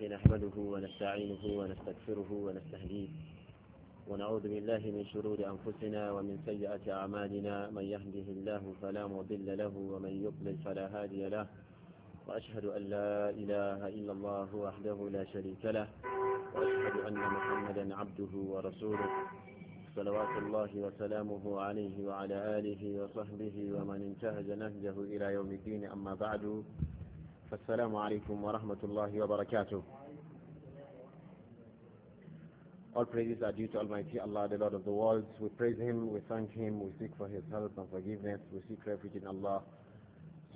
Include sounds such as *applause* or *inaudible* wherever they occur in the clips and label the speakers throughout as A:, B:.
A: الله نحمده ونستعينه ونستغفره ونستهديه ونعوذ بالله من شرور أنفسنا ومن سيئة أعمالنا من يهده الله فلا مضل له ومن يضلل فلا هادي له وأشهد أن لا إله إلا الله وحده لا شريك له وأشهد أن محمدا عبده ورسوله صلوات الله وسلامه عليه وعلى آله وصحبه ومن انتهج نهجه إلى يوم الدين أما بعد السلام عليكم ورحمة الله وبركاته All praises are due to Almighty Allah, the Lord of the worlds. We praise Him, we thank Him, we seek for His help and forgiveness, we seek refuge in Allah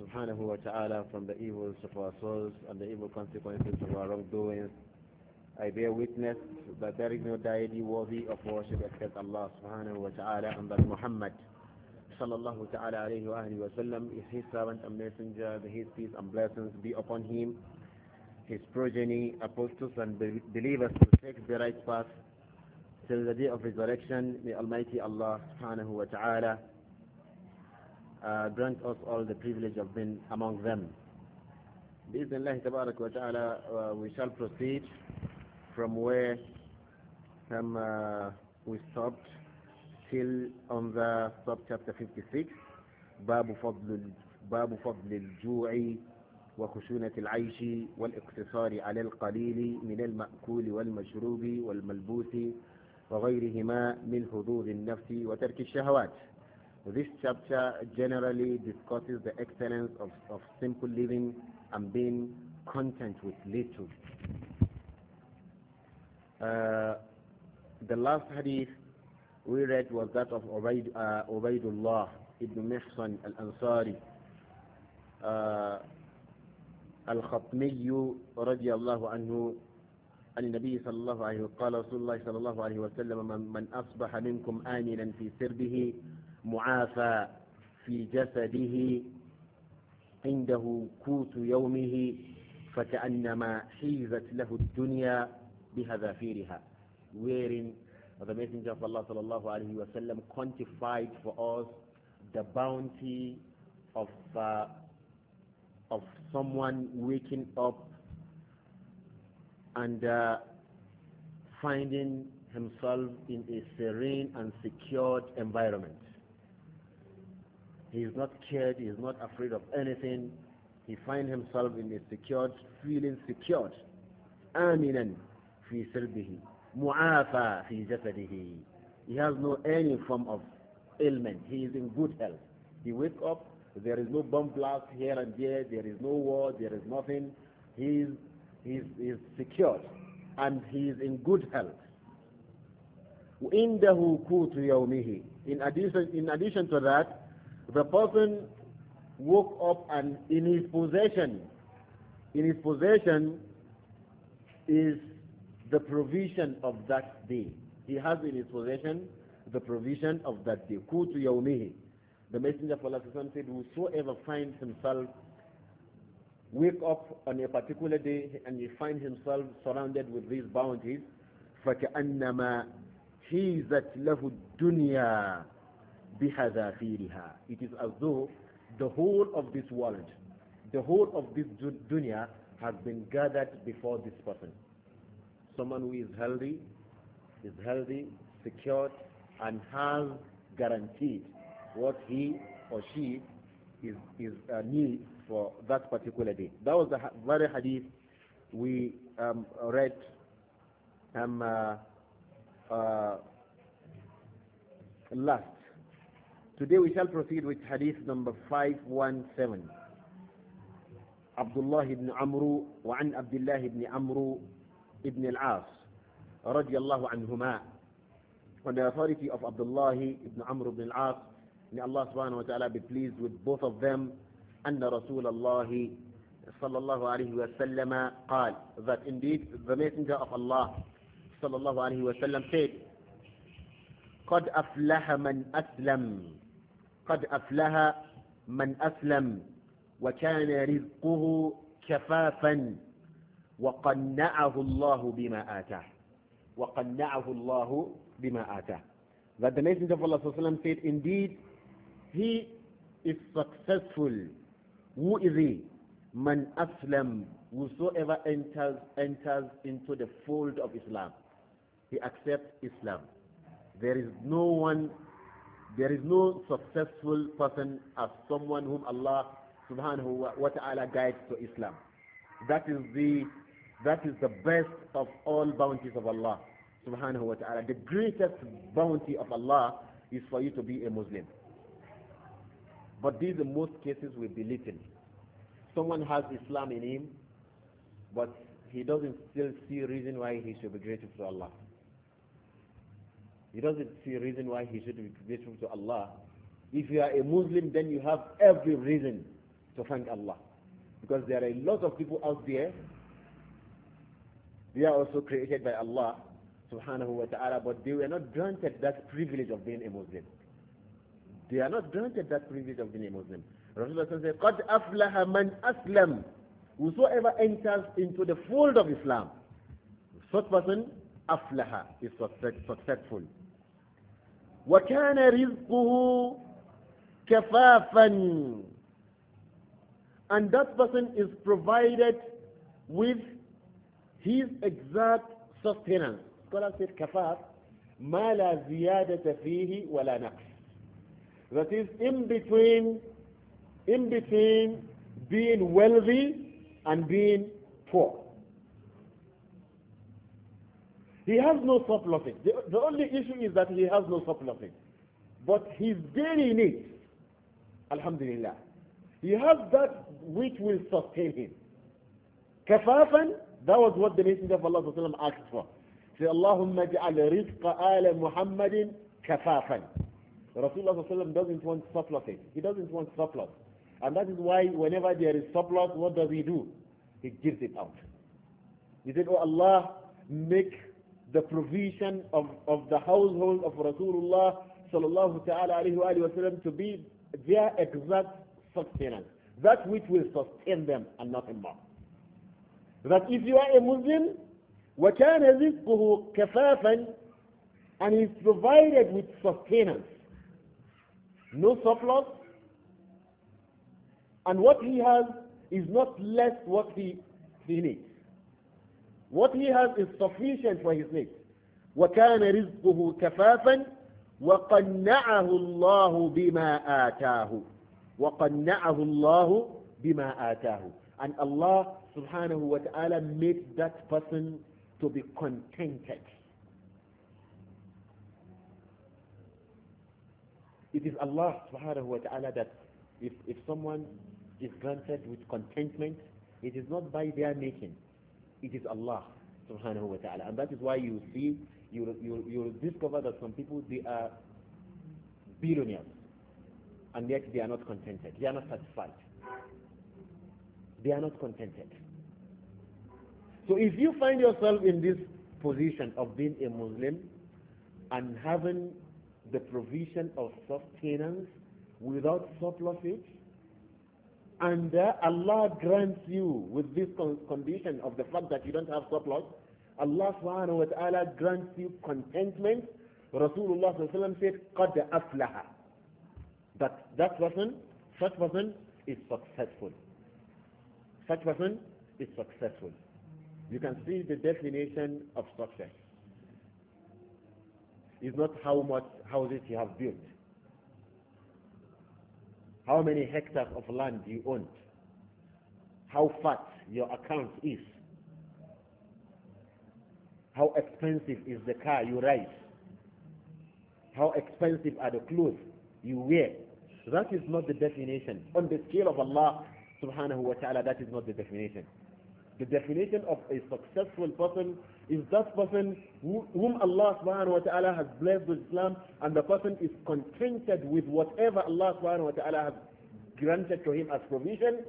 A: subhanahu wa ta'ala from the evils of our souls and the evil consequences of our wrongdoings. I bear witness that there is no deity worthy of worship except Allah subhanahu wa ta'ala and that Muhammad sallallahu ta'ala alayhi wa alayhi wa sallam, his servant and messenger, his peace and blessings be upon him, his progeny, apostles and believers to take the right path till the day of resurrection. May Almighty Allah subhanahu wa ta'ala uh, grant us all the privilege of being among them. Bismillah tabarak wa ta'ala, uh, we shall proceed from where from, um, uh, we stopped still on the subchapter 56 باب فضل باب فضل الجوع وخشونة العيش والاقتصار على القليل من المأكول والمشروب والملبوس وغيرهما من حظوظ النفس وترك الشهوات This chapter generally discusses the excellence of, of simple living and being content with little. Uh, the last hadith we read was that of Ubaid, uh, Ubaidullah ibn Mihsan al-Ansari. Uh, al رضي radiallahu anhu عن النبي صلى الله عليه وسلم قال رسول الله صلى الله عليه وسلم من, من أصبح منكم آمنا في سربه معافى في جسده عنده كوت يومه فكأنما حيزت له الدنيا بهذافيرها wearing the Messenger of Allah sallallahu alayhi wa sallam quantified for us the bounty of, uh, of someone waking up and uh, finding himself in a serene and secured environment. He is not scared, he is not afraid of anything. He finds himself in a secured, feeling secured. Aminan fi سربه he just said He has no any form of ailment. He is in good health. He wakes up, there is no bomb blast here and there, there is no war, there is nothing. He is, he is, he is secured and he is in good health. وعنده قوت يومه in addition in addition to that the person woke up and in his possession in his possession is the provision of that day. He has in his possession the provision of that day. Kutu yawmihi. The Messenger of Allah said, whosoever finds himself wake up on a particular day and he finds himself surrounded with these bounties, فَكَأَنَّمَا حِيزَتْ لَهُ الدُّنْيَا بِحَذَافِيرِهَا It is as though the whole of this world, the whole of this dunya has been gathered before this person someone who is healthy, is healthy, secured, and has guaranteed what he or she is, is uh, needs for that particular day. That was the very hadith we um, read um, uh, uh, last. Today we shall proceed with hadith number 517. عبد الله بن عمرو وعن عبد الله بن عمرو ابن العاص رضي الله عنهما on the authority of Abdullah ibn Amr ibn al-As may Allah subhanahu wa ta'ala be pleased with both of them أن رسول الله صلى الله عليه وسلم قال that indeed the messenger of Allah صلى الله عليه وسلم said قد أفلح من أسلم قد أفلح من أسلم وكان رزقه كفافا وَقَنَّعَهُ اللَّهُ بِمَا آتَاهُ وَقَنَّعَهُ اللَّهُ بِمَا آتَاهُ That the Messenger of Allah وسلم, said, Indeed, he is successful. Who is he? Man aslam, whosoever enters, enters into the fold of Islam. He accepts Islam. There is no one, there is no successful person as someone whom Allah subhanahu wa ta'ala guides to Islam. That is the that is the best of all bounties of Allah subhanahu wa ta'ala. The greatest bounty of Allah is for you to be a Muslim. But these in most cases will be little. Someone has Islam in him, but he doesn't still see reason why he should be grateful to Allah. He doesn't see reason why he should be grateful to Allah. If you are a Muslim, then you have every reason to thank Allah. Because there are a lot of people out there they are also created by Allah subhanahu wa ta'ala, but they were not granted that privilege of being a Muslim. They are not granted that privilege of being a Muslim. Rasulullah said, قَدْ أَفْلَهَ مَنْ أَسْلَمْ Whosoever enters into the fold of Islam, such person, aflaha is successful. وَكَانَ رِزْقُهُ كَفَافًا And that person is provided with his exact sustenance scholars said kafaf ما لا زيادة فيه ولا نقص that is in between in between being wealthy and being poor he has no surplus. the, the only issue is that he has no surplus, but he's daily needs alhamdulillah he has that which will sustain him كفافا that was what the Messenger of Allah asked for. Say, Allahumma ja'al rizqa ala Muhammadin kafafan. Rasulullah وسلم, doesn't want surplus. He doesn't want surplus. And that is why whenever there is surplus, what does he do? He gives it out. He said, Oh Allah, make the provision of, of the household of Rasulullah sallallahu ta'ala alayhi wa sallam to be their exact sustenance. That which will sustain them and nothing more that if you are a Muslim, وَكَانَ رِزْقُهُ كَفَافًا and he is provided with sustenance, no surplus, and what he has is not less what he, he needs. What he has is sufficient for his needs. وكان رزقه كفافا وقنعه الله بما آتاه وقنعه الله بما آتاه and Allah subhanahu wa ta'ala made that person to be contented. It is Allah subhanahu wa ta'ala that if, if someone is granted with contentment, it is not by their making. It is Allah subhanahu wa ta'ala. And that is why you see, you, you, you discover that some people, they are billionaires. And yet they are not contented. They are not satisfied. They are not contented. So if you find yourself in this position of being a Muslim and having the provision of sustenance without surplusage, and uh, Allah grants you with this con condition of the fact that you don't have surplus, Allah subhanahu wa ta'ala grants you contentment. Rasulullah said, قَدْ أَفْلَحَ That that person, such person is successful. Such person is successful you can see the definition of success. is not how much houses you have built, how many hectares of land you own, how fat your account is, how expensive is the car you ride, how expensive are the clothes you wear. that is not the definition. On the scale of Allah subhanahu wa ta'ala, that is not the definition. The definition of a successful person is that person whom Allah subhanahu wa ta'ala has blessed with Islam and the person is contented with whatever Allah subhanahu wa ta'ala has granted to him as provision.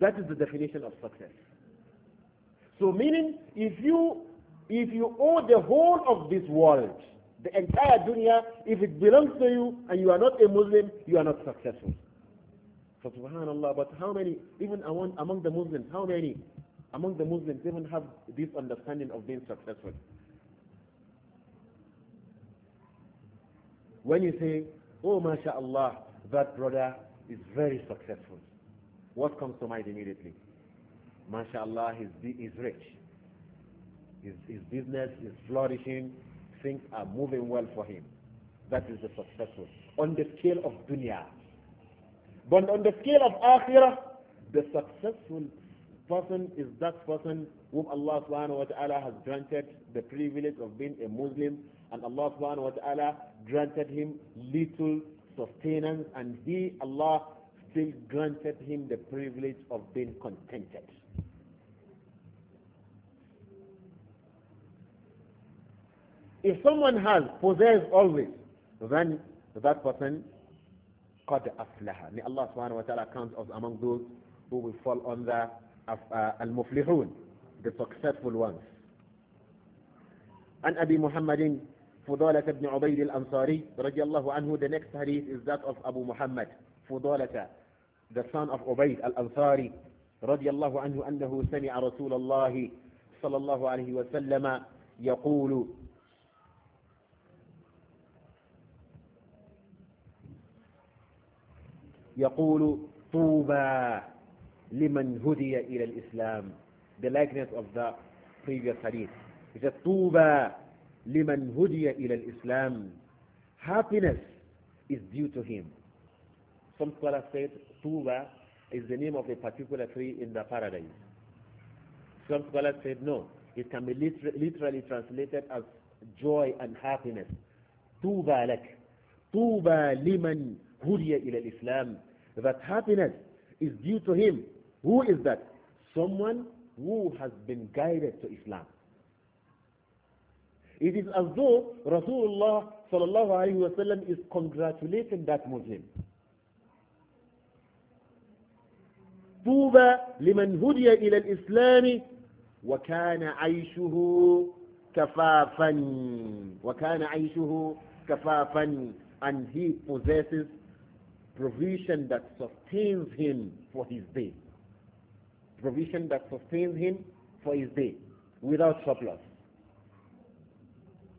A: That is the definition of success. So meaning if you if you owe the whole of this world, the entire dunya, if it belongs to you and you are not a Muslim, you are not successful subhanallah, but how many, even among, among the Muslims, how many among the Muslims even have this understanding of being successful? When you say, oh mashallah, that brother is very successful, what comes to mind immediately? Mashallah, he's, he's rich. His, his business is flourishing. Things are moving well for him. That is the successful. On the scale of dunya, but on the scale of akhirah, the successful person is that person whom Allah subhanahu wa ta'ala has granted the privilege of being a Muslim and Allah subhanahu wa ta'ala granted him little sustenance and he, Allah, still granted him the privilege of being contented. If someone has possessed all this, then that person قد أفلح may Allah subhanahu wa ta'ala count us among those who will fall under al-muflihun the successful ones عن أبي محمد فضالة بن عبيد الأنصاري رضي الله عنه the next hadith is that of Abu Muhammad فضالة the son of Ubayd al-Ansari رضي الله عنه أنه سمع رسول الله صلى الله عليه وسلم يقول يقول طوبى لمن هدي إلى الإسلام the likeness of the previous hadith is a طوبى لمن هدي إلى الإسلام happiness is due to him some scholars said طوبى is the name of a particular tree in the paradise some scholars said no it can be liter literally translated as joy and happiness طوبى لك طوبى لمن هدي إلى الإسلام that happiness is due to him. Who is that? Someone who has been guided to Islam. It is as though Rasulullah sallallahu is congratulating that Muslim. طوبى لمن هدي إلى الإسلام وكان عيشه كفافا وكان عيشه كفافا and he possesses provision that sustains him for his day. Provision that sustains him for his day without surplus.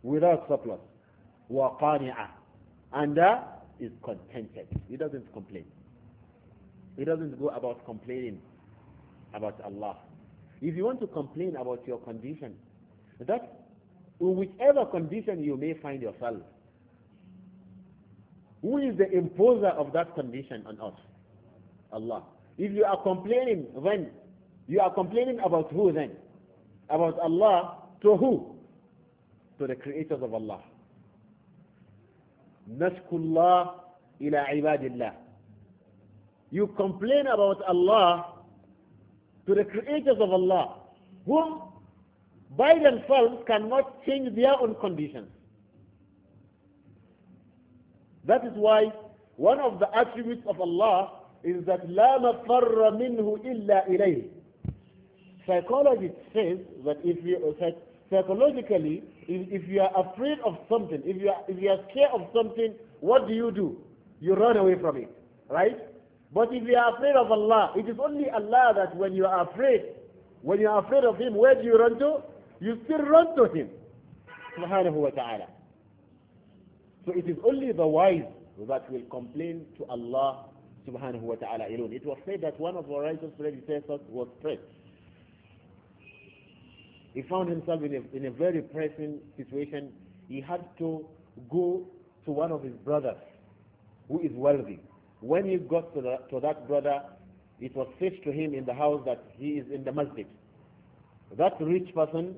A: Without surplus. وَقَانِعَةً And that is contented. He doesn't complain. He doesn't go about complaining about Allah. If you want to complain about your condition, that in whichever condition you may find yourself, who is the imposer of that condition on us? Allah. If you are complaining, when? You are complaining about who then? About Allah to who? To the creators of Allah. Nashkullah ila ibadillah. You complain about Allah to the creators of Allah, whom by themselves cannot change their own conditions. That is why one of the attributes of Allah is that لا مفر منه إلا إليه. Psychology says that if you psychologically, if, if you are afraid of something, if you are, if you are scared of something, what do you do? You run away from it, right? But if you are afraid of Allah, it is only Allah that when you are afraid, when you are afraid of Him, where do you run to? You still run to Him. Subhanahu wa ta'ala. So it is only the wise that will complain to Allah subhanahu wa ta'ala alone. It was said that one of our righteous predecessors was pressed. He found himself in a, in a very pressing situation. He had to go to one of his brothers who is wealthy. When he got to, the, to that brother, it was said to him in the house that he is in the masjid. That rich person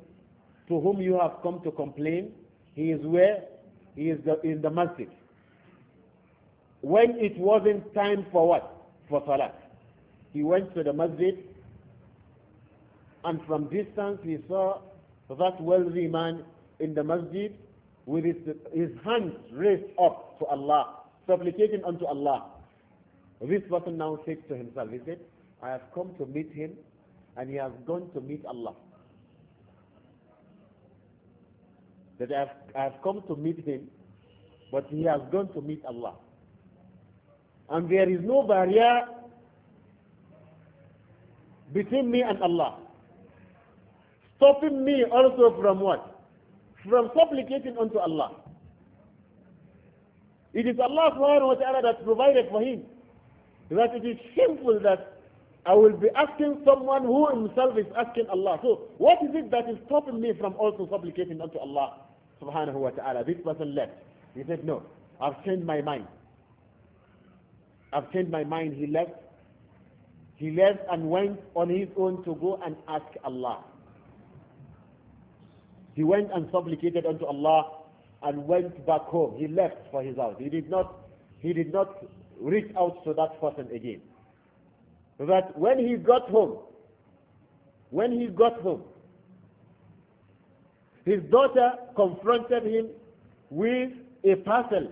A: to whom you have come to complain, he is where? he is the, in the masjid. When it wasn't time for what? For salah, He went to the masjid and from distance he saw that wealthy man in the masjid with his, his hands raised up to Allah, supplicating unto Allah. This person now said to himself, he said, I have come to meet him and he has gone to meet Allah. that I have, I have come to meet him, but he has gone to meet Allah. And there is no barrier between me and Allah. Stopping me also from what? From supplicating unto Allah. It is Allah subhanahu wa ta'ala that provided for him. That it is shameful that I will be asking someone who himself is asking Allah. So what is it that is stopping me from also supplicating unto Allah subhanahu wa ta'ala, this person left. He said, no, I've changed my mind. I've changed my mind. He left. He left and went on his own to go and ask Allah. He went and supplicated unto Allah and went back home. He left for his house. He did not, he did not reach out to that person again. So that when he got home, when he got home, his daughter confronted him with a parcel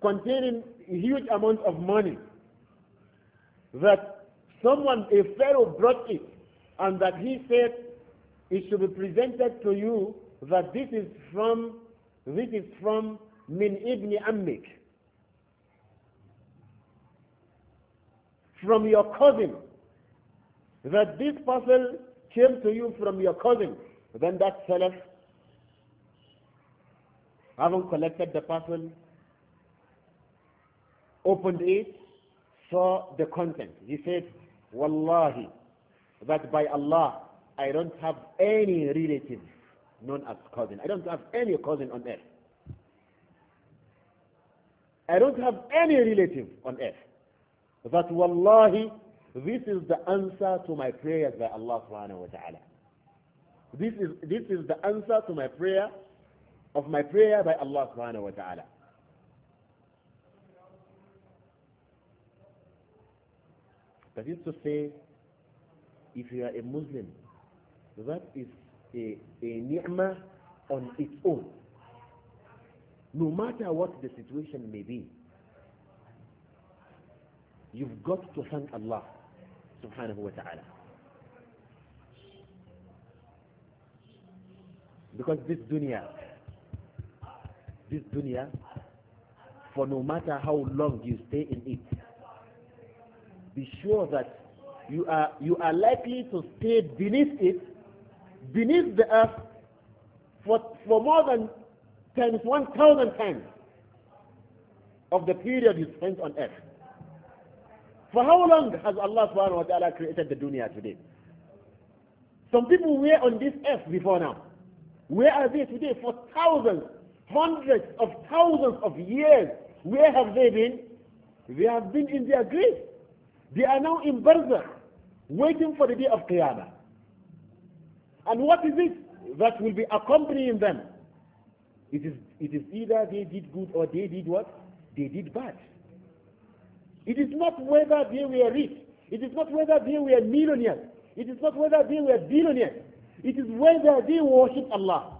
A: containing a huge amount of money that someone, a pharaoh brought it and that he said it should be presented to you that this is from this is from min ibn ammik from your cousin that this parcel came to you from your cousin then that seller, having collected the parcel, opened it, saw the content. He said, Wallahi, that by Allah, I don't have any relative known as cousin. I don't have any cousin on earth. I don't have any relative on earth. That wallahi, this is the answer to my prayers by Allah subhanahu wa ta'ala. This is, this is the answer to my prayer, of my prayer by Allah subhanahu wa ta'ala. That is to say, if you are a Muslim, that is a, a ni'mah on its own. No matter what the situation may be, you've got to thank Allah subhanahu wa ta'ala. because this dunya this dunya for no matter how long you stay in it be sure that you are you are likely to stay beneath it beneath the earth for for more than times one thousand times of the period you spent on earth. For how long has Allah subhanahu wa ta'ala created the dunya today? Some people were on this earth before now. Where are they today? For thousands, hundreds of thousands of years, where have they been? They have been in their grave. They are now in Barzakh, waiting for the day of Qiyamah. And what is it that will be accompanying them? It is, it is either they did good or they did what? They did bad. It is not whether they were rich. It is not whether they were millionaires. It is not whether they were billionaires. It is whether they worship Allah.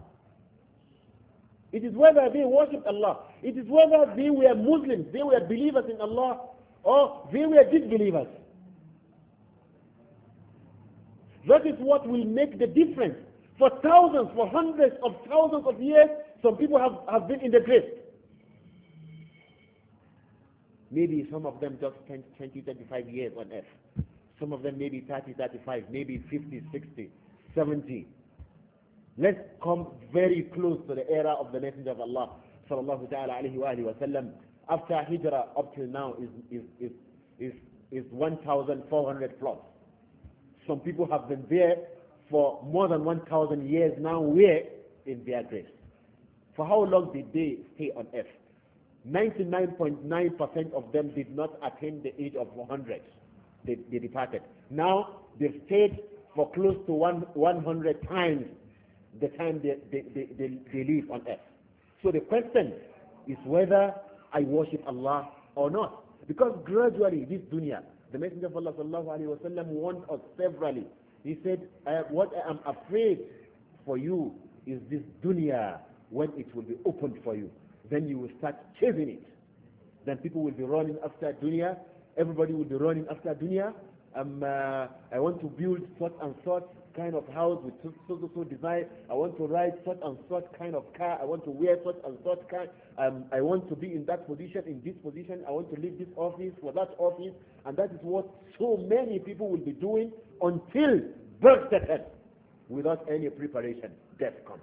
A: It is whether they worship Allah. It is whether they were Muslims, they were believers in Allah, or they were disbelievers. That is what will make the difference. For thousands, for hundreds of thousands of years, some people have, have been in the grave. Maybe some of them just 10, 20, 25 years on earth. Some of them maybe 30, 35, maybe 50, 60. 70. Let's come very close to the era of the Messenger of Allah sallallahu ta'ala alayhi wa alayhi wa sallam. After Hijrah up till now is, is, is, is, is 1,400 plus. Some people have been there for more than 1,000 years now We're in their graves. For how long did they stay on earth? 99.9% percent of them did not attain the age of 100. They, they departed. Now they've stayed for close to one, 100 times the time they, they, they, they, they live on earth. So the question is whether I worship Allah or not. Because gradually, this dunya, the Messenger of Allah sallallahu wasallam warned us severally. He said, What I am afraid for you is this dunya when it will be opened for you. Then you will start chasing it. Then people will be running after dunya. Everybody will be running after dunya um, uh, I want to build such and such kind of house with so so so design. I want to ride such and such kind of car. I want to wear such and such kind. Um, I want to be in that position, in this position. I want to leave this office for that office, and that is what so many people will be doing until birth second, without any preparation. Death comes.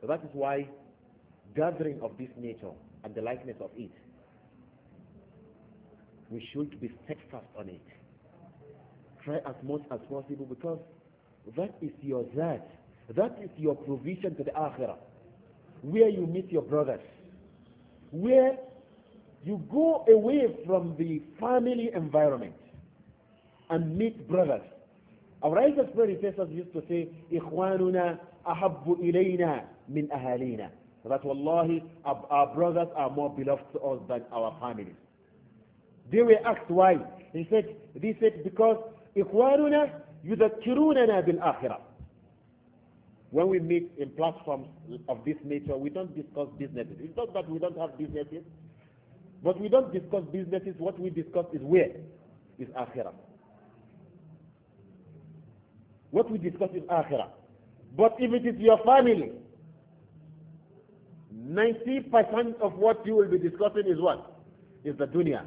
A: So that is why gathering of this nature and the likeness of it we should be steadfast on it. Try as much as possible because that is your that. That is your provision to the akhirah. Where you meet your brothers. Where you go away from the family environment and meet brothers. Our righteous predecessors used to say, إخواننا أحب إلينا من أهالينا. That wallahi, our, our brothers are more beloved to us than our families. They were asked why. He said, they said, because إخواننا يذكروننا بالآخرة. When we meet in platforms of this nature, we don't discuss businesses. It's not that we don't have businesses, but we don't discuss businesses. What we discuss is where? Is akhirah. What we discuss is akhirah. But if it is your family, 90% of what you will be discussing is what? Is the dunya.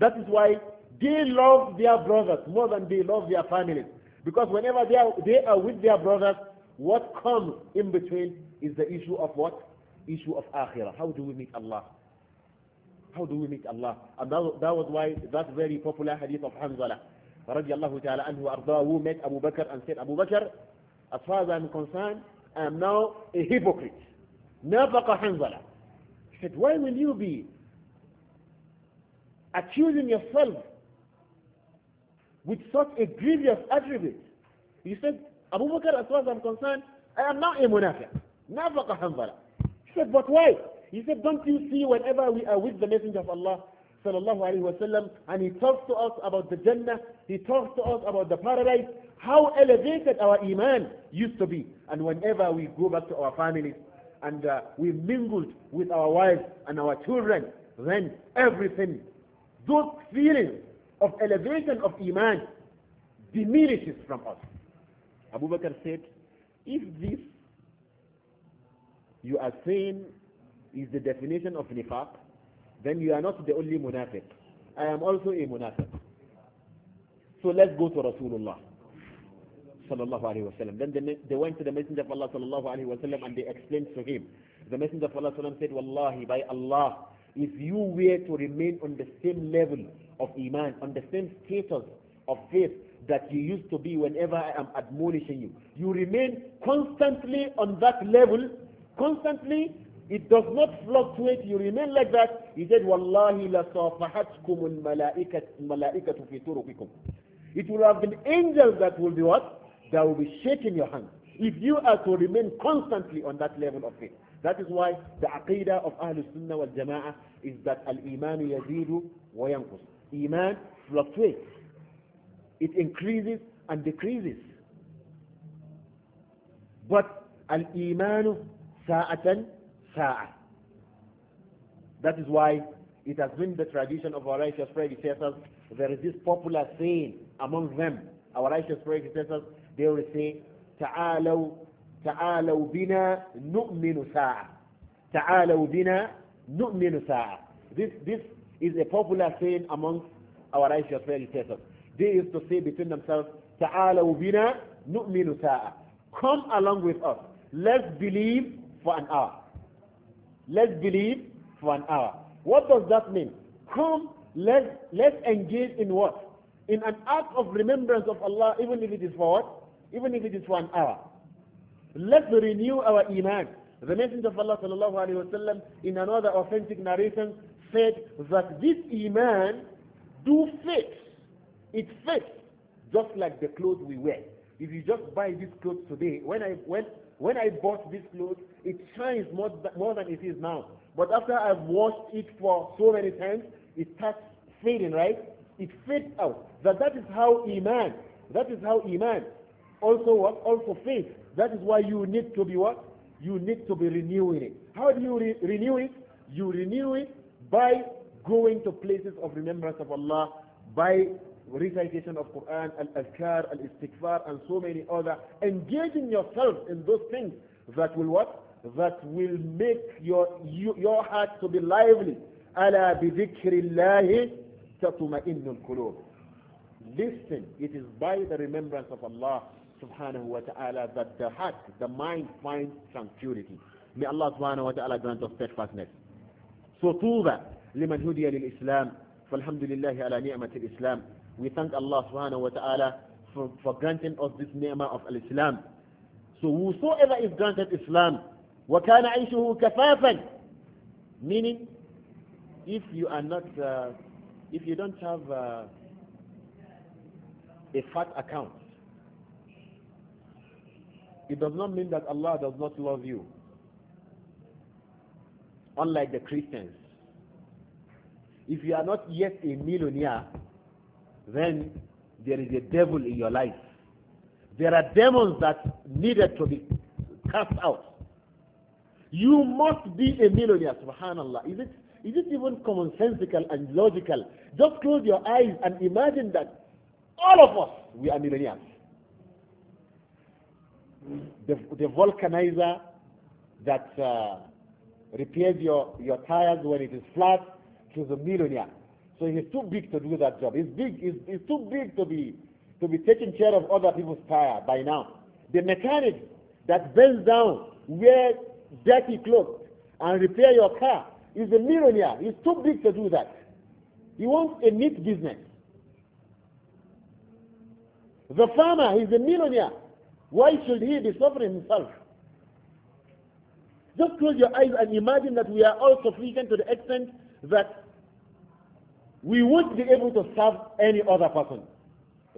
A: That is why they love their brothers more than they love their families. Because whenever they are, they are with their brothers, what comes in between is the issue of what? Issue of akhirah. How do we meet Allah? How do we meet Allah? And that, that was why that very popular hadith of Hanzala radiallahu ta'ala anhu arda who met Abu Bakr and said, Abu Bakr, as far as I'm concerned, I am now a hypocrite. Nafaqa Hanzala. He said, why will you be accusing yourself with such a grievous attribute. You said, Abu Bakr, as far as I'm concerned, I am not a munafiq. a hanzala. He said, but why? He said, don't you see whenever we are with the Messenger of Allah, sallallahu alayhi wasallam, and he talks to us about the Jannah, he talks to us about the paradise, how elevated our iman used to be. And whenever we go back to our families and uh, we mingled with our wives and our children, then everything those feelings of elevation of Iman diminishes from us. Abu Bakr said, if this you are saying is the definition of nifaq, then you are not the only munafiq. I am also a munafiq. So let's go to Rasulullah sallallahu alaihi wasallam. Then they, went to the Messenger of Allah sallallahu alaihi wasallam and they explained to him. The Messenger of Allah sallam said, Wallahi, by Allah, if you were to remain on the same level of iman, on the same status of faith that you used to be whenever I am admonishing you, you remain constantly on that level, constantly, it does not fluctuate, you remain like that. He said, Wallahi lasafahatkum malaikatu fi turukikum. It will have been angels that will be what? That will be shaking your hand. If you are to remain constantly on that level of faith. That is why the aqidah of Ahlul Sunnah wal Jama'ah is that al-iman yazidu wa yankus. Iman fluctuates. It increases and decreases. But al-iman sa'atan sa'ah. That is why it has been the tradition of our righteous predecessors. There is this popular saying among them, our righteous predecessors, they will say, تعالوا ta'alau bina nu'minu sa'a ta'alau bina nu'minu sa'a this this is a popular saying amongst our righteous meditators they used to say between themselves ta'alau bina nu'minu sa'a come along with us let's believe for an hour let's believe for an hour what does that mean come let's let's engage in what in an act of remembrance of Allah even if it is for what even if it is for an hour Let's renew our iman. The Messenger of Allah sallallahu alayhi wasallam in another authentic narration said that this iman do fit. It fits just like the clothes we wear. If you just buy this clothes today, when I when when I bought this clothes, it shines more, more than it is now. But after I've washed it for so many times, it starts fading, right? It fades out. That that is how iman. That is how iman. Also what? Also faith that is why you need to be what? You need to be renewing it. How do you re renew it? You renew it by going to places of remembrance of Allah, by recitation of Quran, al-azkar, al-istighfar, and so many other. Engaging yourself in those things that will what? That will make your, you, your heart to be lively. ألا بذكر Listen, it is by the remembrance of Allah subhanahu wa ta'ala that the heart, the mind finds tranquility. May Allah subhanahu wa ta'ala grant us steadfastness. So طوبى لمن هدي للإسلام فالحمد لله على نعمة Islam, We thank Allah subhanahu wa ta'ala for, for granting us this ni'mah of al-Islam. So whosoever is granted Islam, وَكَانَ عَيْشُهُ كَفَافًا Meaning, if you are not, uh, if you don't have uh, a fat account, it does not mean that Allah does not love you. Unlike the Christians. If you are not yet a millionaire, then there is a devil in your life. There are demons that needed to be cast out. You must be a millionaire, subhanallah. Is it, is it even commonsensical and logical? Just close your eyes and imagine that all of us, we are millionaires the, the vulcanizer that uh, repairs your, your tires when it is flat, he's a millionaire. So he's too big to do that job. He's big. He's, he's too big to be to be taking care of other people's tire by now. The mechanic that bends down, wear dirty clothes, and repair your car is a millionaire. He's too big to do that. He wants a neat business. The farmer is a millionaire. Why should he be suffering himself? Just close your eyes and imagine that we are all sufficient to the extent that we won't be able to serve any other person.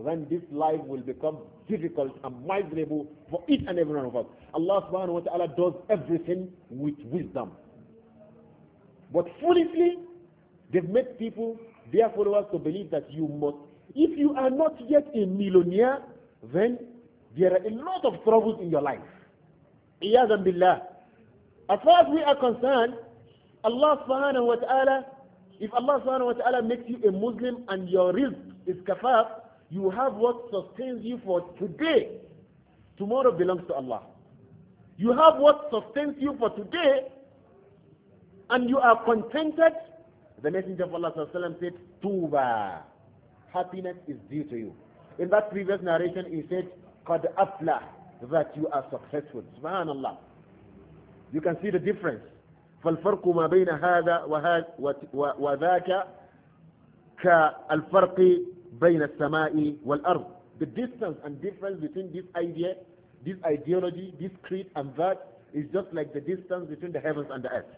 A: Then this life will become difficult and miserable for each and every one of us. Allah subhanahu wa ta'ala does everything with wisdom. But foolishly, they've made people, their followers, to believe that you must, if you are not yet a millionaire, then there are a lot of troubles in your life. billah. As far as we are concerned, Allah subhanahu wa ta'ala, if Allah subhanahu wa ta'ala makes you a Muslim and your rizq is kafaf, you have what sustains you for today. Tomorrow belongs to Allah. You have what sustains you for today and you are contented. The Messenger of Allah sallallahu said, Tuba. Happiness is due to you. In that previous narration, he said, qad aflah that you are successful subhanallah you can see the difference فالفرق ما بين هذا وَهَذَا وذاك كالفرق بين السماء والأرض the distance and difference between this idea this ideology this creed and that is just like the distance between the heavens and the earth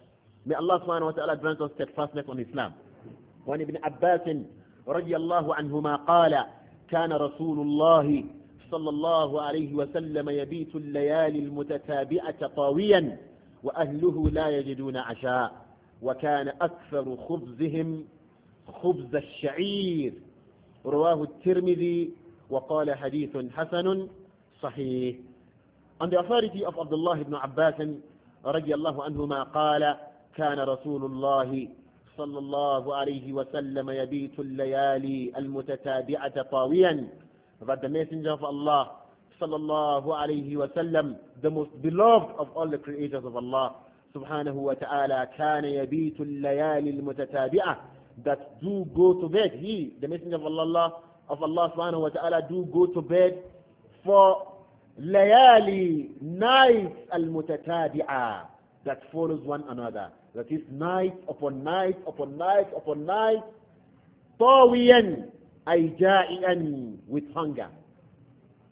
A: may Allah subhanahu wa grant us steadfastness on Islam وعن ابن عباس رضي الله عنهما قال كان رسول الله صلى الله عليه وسلم يبيت الليالي المتتابعة طاويا وأهله لا يجدون عشاء وكان أكثر خبزهم خبز الشعير رواه الترمذي وقال حديث حسن صحيح عن the authority of الله بن عباس رضي الله عنهما قال كان رسول الله صلى الله عليه وسلم يبيت الليالي المتتابعة طاويا that the messenger of Allah sallallahu alayhi wasallam, the most beloved of all the creators of Allah subhanahu wa ta'ala, كان يبيت الليالي المتتابعة that do go to bed. He, the messenger of Allah, of Allah subhanahu wa ta'ala, do go to bed for layali, nights al-mutatabi'ah that follows one another. That is night upon night upon night upon night. طاويا with hunger.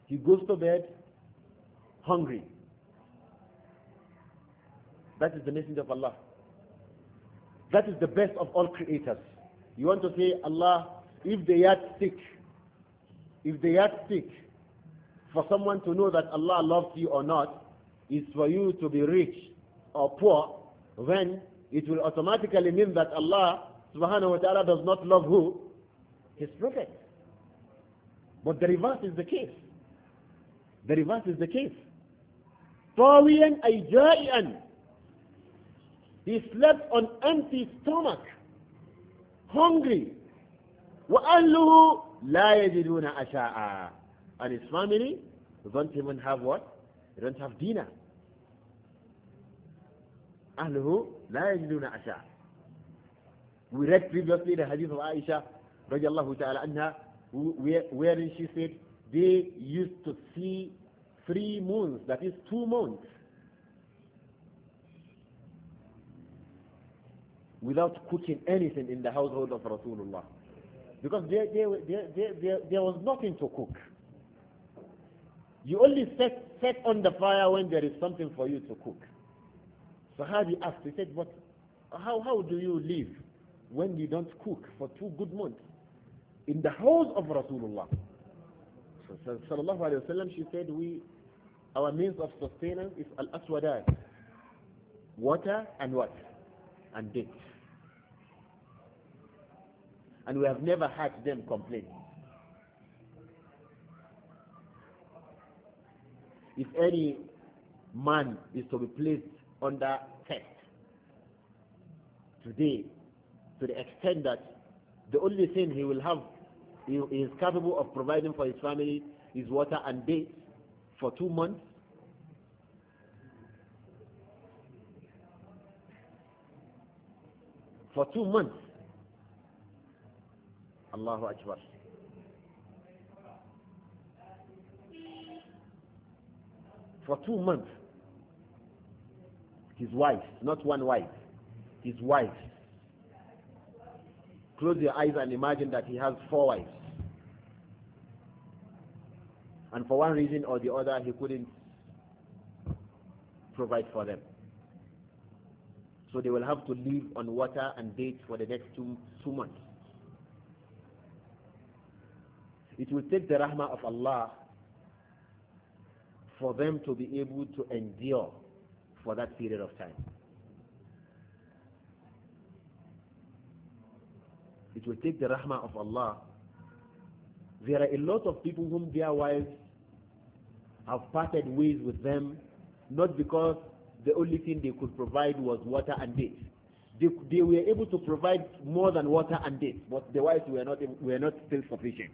A: He goes to bed hungry. That is the message of Allah. That is the best of all creators. You want to say, Allah, if the sick, if the sick, for someone to know that Allah loves you or not is for you to be rich or poor, then it will automatically mean that Allah subhanahu wa ta'ala does not love who? his prophet. But the reverse is the case. The reverse is the case. For أي جائعا He slept on empty stomach, hungry. وأهله لا يجدون أشاء And his family don't even have what? They don't have dinner. أهله لا يجدون أشاء We read previously the hadith of Aisha radiallahu ta'ala wherein she said, they used to see three moons, that is two months, without cooking anything in the household of Rasulullah. Because there, there, there, there, there was nothing to cook. You only set, set on the fire when there is something for you to cook. So, Sahabi asked, he said, but how, how do you live when you don't cook for two good months? in the house of Rasulullah. Sallallahu Alaihi Wasallam, she said, we, our means of sustenance is al-aswadat, water and what? And dates. And we have never had them complain. If any man is to be placed under test today, to the extent that the only thing he will have he is capable of providing for his family his water and dates for two months. For two months. Allahu Akbar. For two months. His wife, not one wife, his wife. Close your eyes and imagine that he has four wives and for one reason or the other he couldn't provide for them so they will have to live on water and dates for the next two, two months it will take the rahmah of Allah for them to be able to endure for that period of time. It will take the rahmah of Allah there are a lot of people whom their wives have parted ways with them, not because the only thing they could provide was water and dates. They, they were able to provide more than water and dates, but the wives were not, were not still sufficient.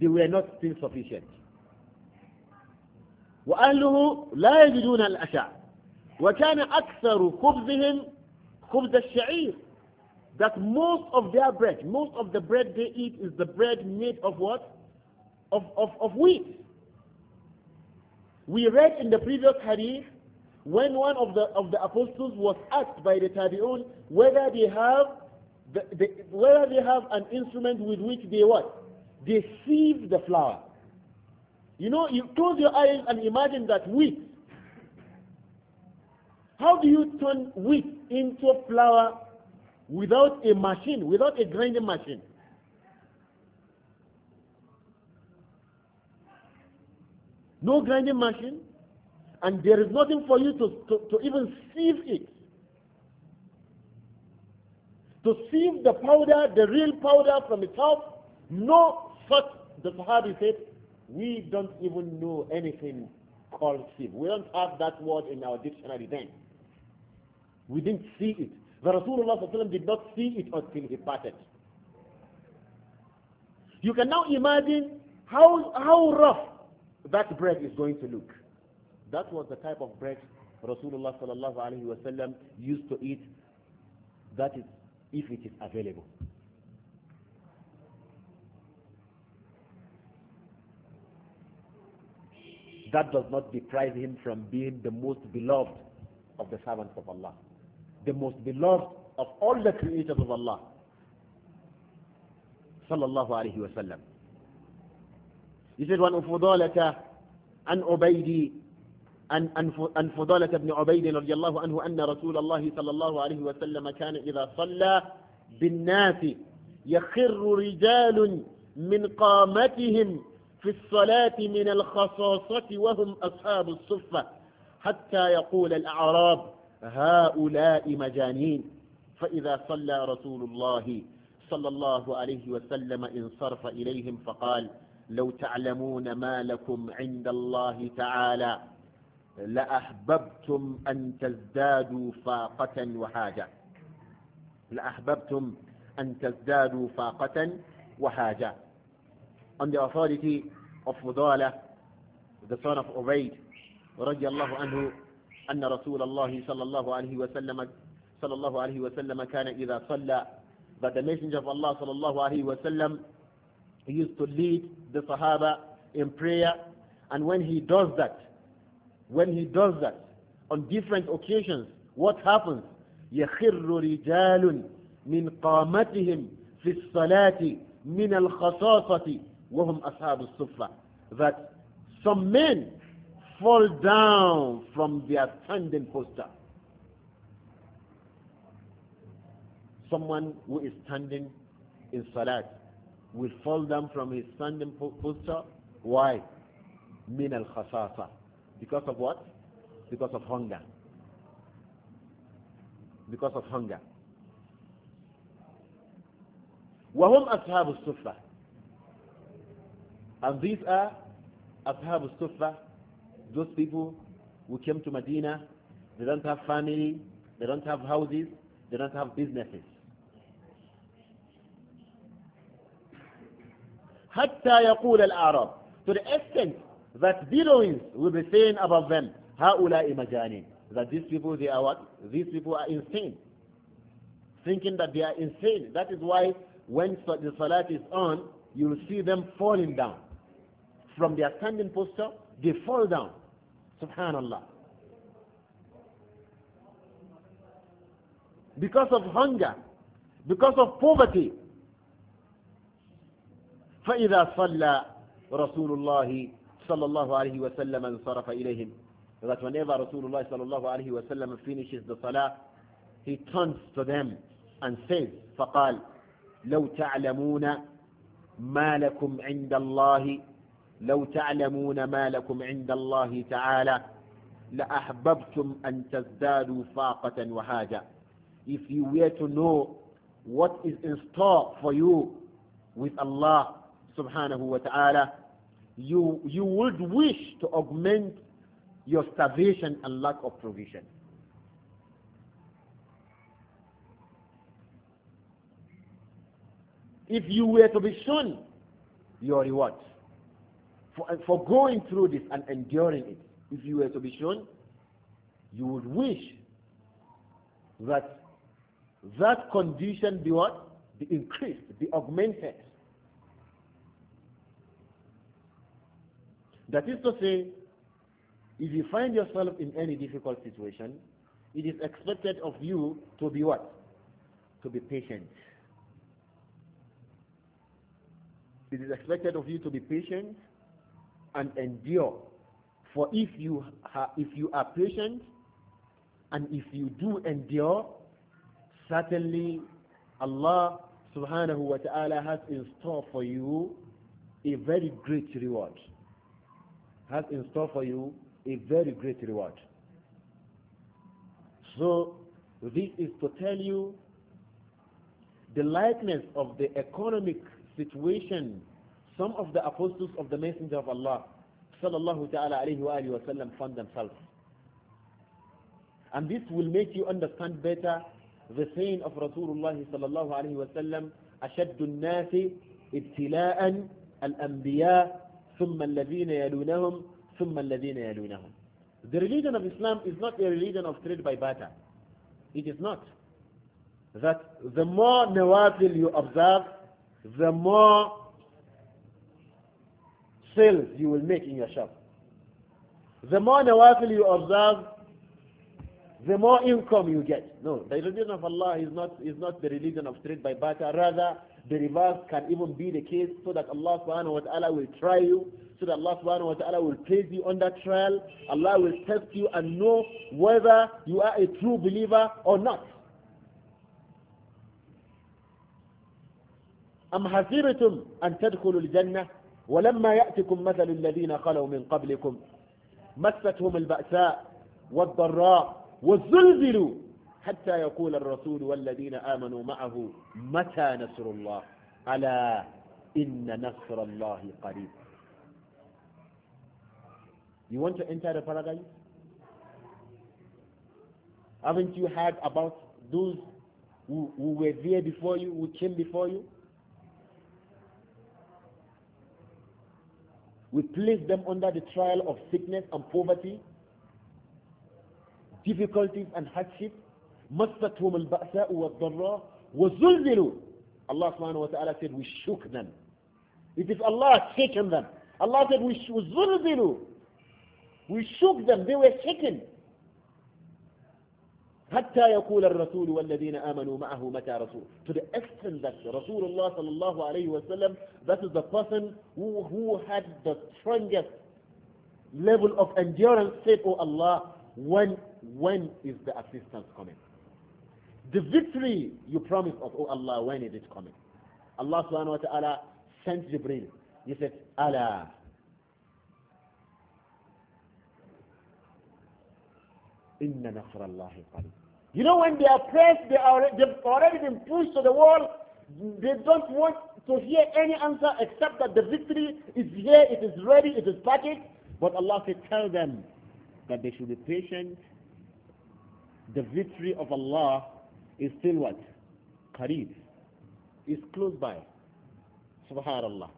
A: They were not still sufficient. وأهله لا يجدون العشاء وكان أكثر خبزهم خبز الشعير that most of their bread, most of the bread they eat is the bread made of what? Of, of, of wheat. We read in the previous hadith when one of the, of the apostles was asked by the Tabi'un whether they have the, the, whether they have an instrument with which they what? They sieve the flour. You know, you close your eyes and imagine that wheat. How do you turn wheat into flour without a machine, without a grinding machine. No grinding machine, and there is nothing for you to, to, to even sieve it. To sieve the powder, the real powder from itself, no such, the Sahabi said, we don't even know anything called sieve. We don't have that word in our dictionary then. We didn't see it. The Rasulullah did not see it until he parted. You can now imagine how, how rough that bread is going to look. That was the type of bread Rasulullah sallallahu used to eat. That is if it is available. That does not deprive him from being the most beloved of the servants of Allah. the most beloved of all the creators of Allah صلى الله عليه وسلم He said وأن فضالة عن أن أن فضالة بن عبيد رضي الله عنه أن رسول الله صلى الله عليه وسلم كان إذا صلى بالناس يخر رجال من قامتهم في الصلاة من الخصاصة وهم أصحاب الصفة حتى يقول الأعراب هؤلاء مجانين فإذا صلى رسول الله صلى الله عليه وسلم انصرف إليهم فقال لو تعلمون ما لكم عند الله تعالى لأحببتم أن تزدادوا فاقة وحاجة لأحببتم أن تزدادوا فاقة وحاجة On the authority of Fudala, the son of Ubaid, رضي الله عنه, أن رسول الله صلى الله عليه وسلم صلى الله عليه وسلم كان إذا صلى بعد ميسنجة الله صلى الله عليه وسلم he used to lead the Sahaba in prayer and when he does that when he does that on different occasions what happens يخر رجال من قامتهم في الصلاة من الخصاصة وهم أصحاب الصفة that some men fall down from their standing posture. Someone who is standing in salat will fall down from his standing posture. Why? Min al khasasa. Because of what? Because of hunger. Because of hunger. وهم أصحاب الصفة and these are أصحاب الصفة Those people who came to Medina, they don't have family, they don't have houses, they don't have businesses. حتى يقول الأعراب to the extent that Bedouins will be saying about them هؤلاء مجانين that these people they are what these people are insane thinking that they are insane that is why when the salat is on you will see them falling down from their standing posture they fall down سبحان الله because of hunger because of poverty فإذا صلى رسول الله صلى الله عليه وسلم انصرف إليهم that whenever رسول الله صلى الله عليه وسلم finishes the صلاة he turns to them and says فقال لو تعلمون ما لكم عند الله لو تعلمون ما لكم عند الله تعالى لأحببتم أن تزدادوا فاقة وهاجة if you were to know what is in store for you with Allah subhanahu wa ta'ala you, you would wish to augment your starvation and lack of provision if you were to be shown your rewards for, for going through this and enduring it, if you were to be shown, you would wish that that condition be what? Be increased, be augmented. That is to say, if you find yourself in any difficult situation, it is expected of you to be what? To be patient. It is expected of you to be patient and endure. For if you, if you are patient and if you do endure, certainly Allah subhanahu wa ta'ala has in store for you a very great reward. Has in store for you a very great reward. So this is to tell you the lightness of the economic situation some of the apostles of the Messenger of Allah sallallahu ta'ala alayhi wa alayhi wa found themselves. And this will make you understand better the saying of Rasulullah sallallahu alayhi wa sallam أشد الناس ابتلاء الأنبياء ثم الذين يلونهم ثم الذين يلونهم The religion of Islam is not a religion of trade by barter. It is not. That the more nawafil you observe, the more sales you will make in your shop. The more nawafil you observe, the more income you get. No, the religion of Allah is not, is not the religion of trade by barter. Rather, the reverse can even be the case so that Allah subhanahu wa ta'ala will try you, so that Allah subhanahu wa ta'ala will place you under trial. Allah will test you and know whether you are a true believer or not. أم حسبتم أن تدخلوا الجنة ولما يأتكم مثل الذين خلوا من قبلكم مستهم البأساء والضراء والزلزلوا حتى يقول الرسول والذين آمنوا معه متى نصر الله ألا إن نصر الله قريب You want to enter the paradise? Haven't you heard about those who, who were there before you, who came before you? We place them under the trial of sickness and poverty, difficulties and hardship. مستهم البأساء والضراء وزلزلوا Allah subhanahu wa ta'ala said we shook them it is Allah shaken them Allah said we we shook them they were shaken حتى يقول الرسول والذين آمنوا معه متى رسول to the extent that رسول الله صلى الله عليه وسلم that is the person who, who had the strongest level of endurance said oh Allah when when is the assistance coming the victory you promised us oh Allah when is it coming Allah subhanahu wa ta'ala sent Jibreel he said Allah إن نصر الله قريب You know, when they are pressed, they are, they've already been pushed to the wall. They don't want to hear any answer except that the victory is here, it is ready, it is packaged. But Allah said, tell them that they should be patient. The victory of Allah is still what? Qareeb. Is close by. Subhanallah.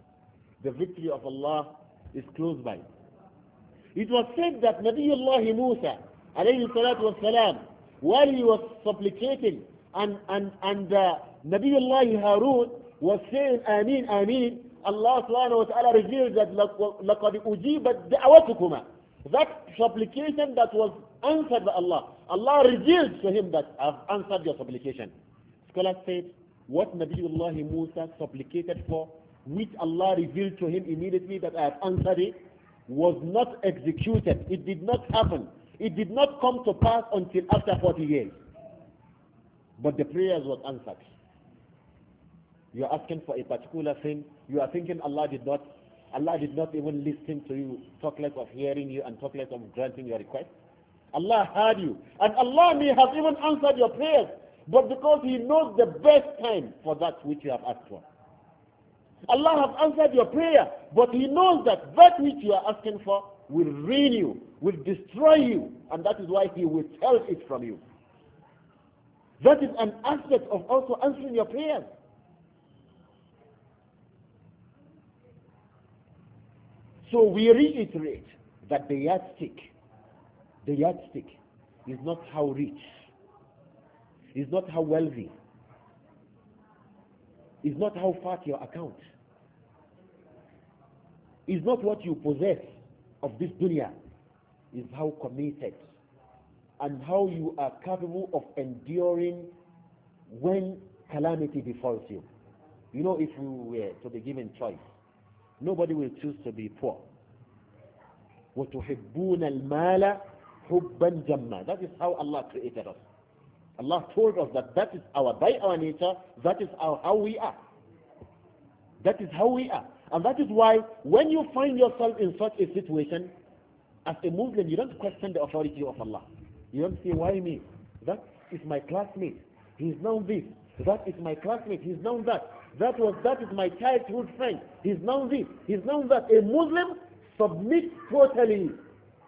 A: The victory of Allah is close by. It was said that Nabiullah Musa, alayhi salatu salam while he was supplicating and, and, and uh, Nabiullah Harun was saying Amin, Amin. Allah subhanahu wa ta'ala revealed that لَقَدْ أُجِيبَتْ دَعْوَتُكُمَا That supplication that was answered by Allah, Allah revealed to him that I've answered your supplication. Scholars said, what Nabiullah Musa supplicated for, which Allah revealed to him immediately that I have answered it, was not executed. It did not happen it did not come to pass until after 40 years. But the prayers were answered. You are asking for a particular thing. You are thinking Allah did not Allah did not even listen to you, talk less of hearing you and talk less of granting your request. Allah heard you. And Allah may have even answered your prayers, but because He knows the best time for that which you have asked for. Allah has answered your prayer, but He knows that that which you are asking for will ruin you will destroy you and that is why he withheld it from you. That is an aspect of also answering your prayers. So we reiterate that the yardstick, the yardstick is not how rich, is not how wealthy, is not how fat your account, is not what you possess of this dunya is how committed and how you are capable of enduring when calamity befalls you. You know, if you were to be given choice, nobody will choose to be poor. وَتُحِبُّونَ الْمَالَ حُبًّا جَمًّا That is how Allah created us. Allah told us that that is our, by our nature, that is our, how we are. That is how we are. And that is why when you find yourself in such a situation, as a Muslim, you don't question the authority of Allah. You don't say, why me? That is my classmate. He's known this. That is my classmate. He's known that. That was that is my childhood friend. He's known this. He's known that. A Muslim submits totally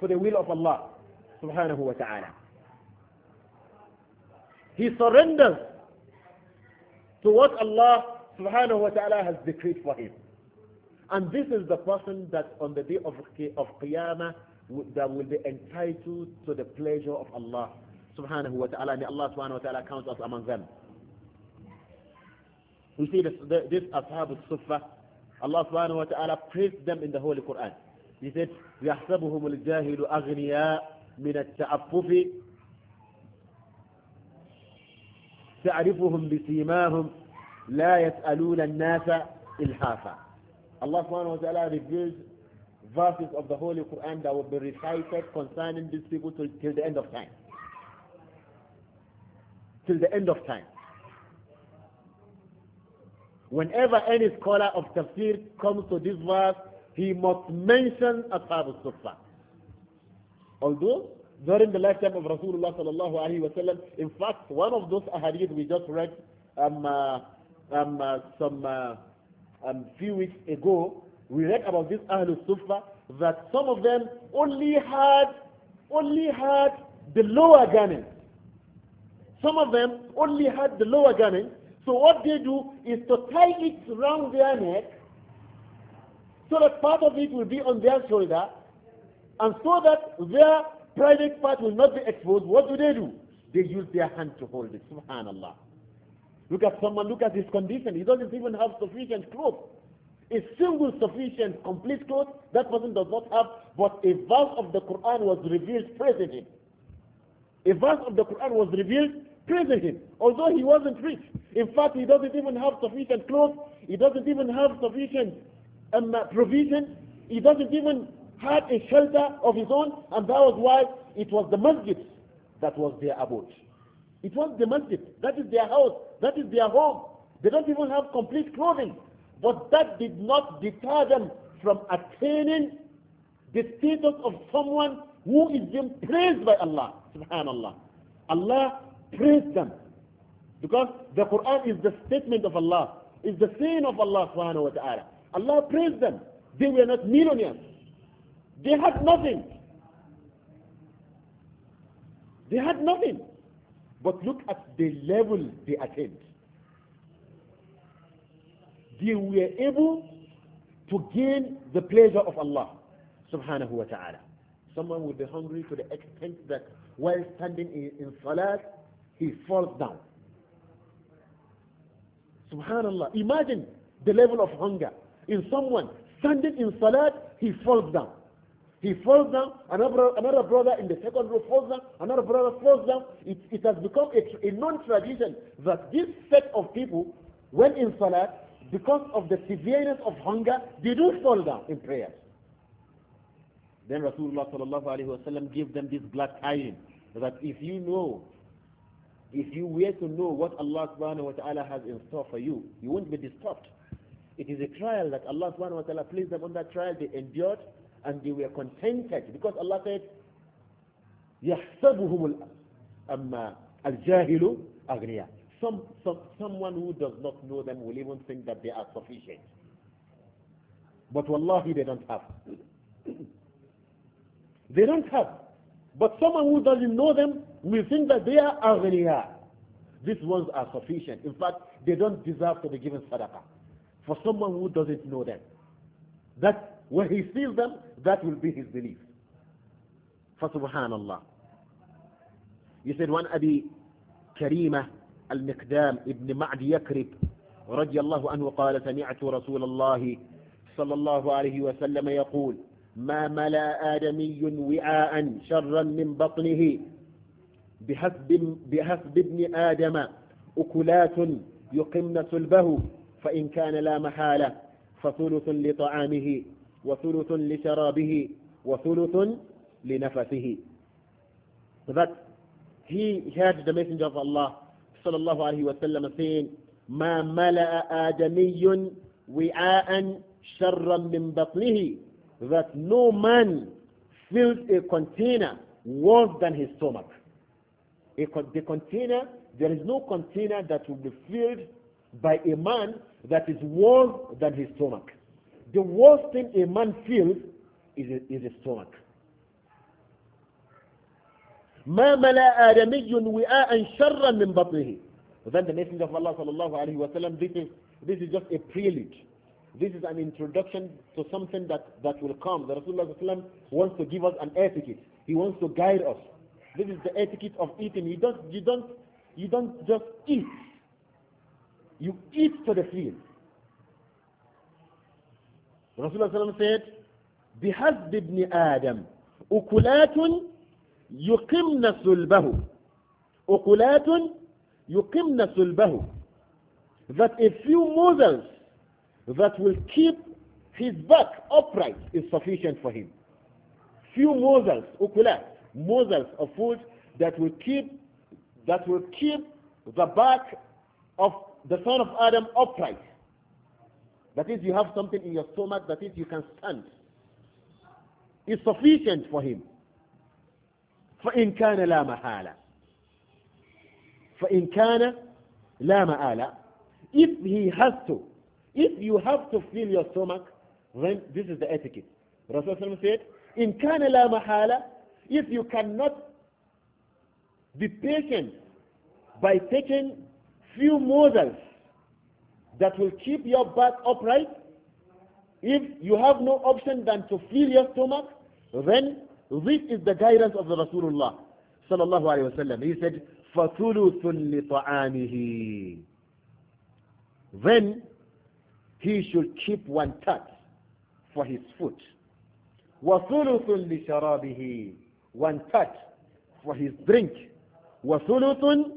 A: to the will of Allah subhanahu wa ta'ala. He surrenders to what Allah subhanahu wa ta'ala has decreed for him. And this is the person that on the day of, of Qiyamah that will be entitled to the pleasure of Allah subhanahu wa ta'ala may Allah subhanahu wa ta'ala count us among them we see this, this ashab al Sufa, Allah subhanahu wa ta'ala praised them in the Holy Quran he said يحسبهم الجاهل أغنياء من التعفف تعرفهم بسيماهم لا يسألون الناس إلحافا Allah subhanahu wa ta'ala reveals verses of the Holy Quran that will be recited concerning these people till, till the end of time. Till the end of time. Whenever any scholar of tafsir comes to this verse, he must mention Ashab al-Sufa. Although, during the lifetime of Rasulullah sallallahu alaihi wasallam, in fact, one of those ahadith we just read um, uh, um, uh, some uh, um, few weeks ago we read about this Ahlul Sufa that some of them only had only had the lower garment. Some of them only had the lower garment. So what they do is to tie it around their neck so that part of it will be on their shoulder and so that their private part will not be exposed. What do they do? They use their hand to hold it. Subhanallah. Look at someone, look at his condition. He doesn't even have sufficient clothes a single sufficient complete cloth, that person does not have, but a verse of the Quran was revealed praising him. A verse of the Quran was revealed praising him, although he wasn't rich. In fact, he doesn't even have sufficient clothes, he doesn't even have sufficient um, provision, he doesn't even have a shelter of his own, and that was why it was the masjid that was their abode. It was the masjid, that is their house, that is their home. They don't even have complete clothing. But that did not deter them from attaining the status of someone who is being praised by Allah. Subhanallah. Allah praised them. Because the Quran is the statement of Allah, is the saying of Allah subhanahu wa ta'ala. Allah praised them. They were not millionaires. They had nothing. They had nothing. But look at the level they attained they were able to gain the pleasure of Allah subhanahu wa ta'ala. Someone would be hungry to the extent that while standing in, in salat, he falls down. Subhanallah. Imagine the level of hunger in someone standing in salat, he falls down. He falls down, another, another brother in the second row falls down, another brother falls down. It, it has become a, a known tradition that this set of people, when in salat, because of the severity of hunger, they do fall down in prayer. Then Rasulullah gave them this black iron, that if you know, if you were to know what Allah subhanahu wa ta'ala has in store for you, you won't be disturbed. It is a trial that Allah subhanahu wa ta'ala placed them on that trial, they endured and they were contented because Allah said, يَحْسَبُهُمُ الْأَمَّا الْجَاهِلُ أَغْنِيَةً some, some, someone who does not know them will even think that they are sufficient. But wallahi, they don't have. *clears throat* they don't have. But someone who doesn't know them will think that they are aghniya. These ones are sufficient. In fact, they don't deserve to be given sadaqah. For someone who doesn't know them. That when he sees them, that will be his belief. For subhanallah. You said one Abi Karima المقدام ابن معد يكرب رضي الله عنه قال سمعت رسول الله صلى الله عليه وسلم يقول ما ملا آدمي وعاء شرا من بطنه بحسب, بحسب ابن آدم أكلات يقمن سلبه فإن كان لا محالة فثلث لطعامه وثلث لشرابه وثلث لنفسه That he heard the Messenger of Allah ما ملأ آدمي وعاء شرا من بطنه that no man fills a container worse than his stomach. the container, there is no container that will be filled by a man that is worse than his stomach. The worst thing a man feels is, a, is his stomach. ما ملا آدمي وعاء شرا من بطنه Then the Messenger of Allah sallallahu alayhi wa this is, this is just a prelude. This is an introduction to something that, that will come. The Rasulullah sallallahu wants to give us an etiquette. He wants to guide us. This is the etiquette of eating. You don't, you don't, you don't just eat. You eat to the field. Rasulullah sallallahu said, بِحَسْبِ ابْنِ آدَمَ أُكُلَاتٌ يقمن صلبه أقلات يقمن صلبه that a few models that will keep his back upright is sufficient for him. Few models, أقلات models of food that will keep that will keep the back of the son of Adam upright. That is, you have something in your stomach that is you can stand. Is sufficient for him. فإن كان لا محالة فإن كان لا محالة if he has to if you have to fill your stomach then this is the etiquette Rasulullah said in كان لا محالة. if you cannot be patient by taking few models that will keep your back upright if you have no option than to fill your stomach then this is the guidance of the Rasulullah sallallahu alayhi wasallam. He said, فَثُلُثٌ لِطَعَامِهِ Then he should keep one third for his food. وَثُلُثٌ لِشَرَابِهِ One third for his drink. وَثُلُثٌ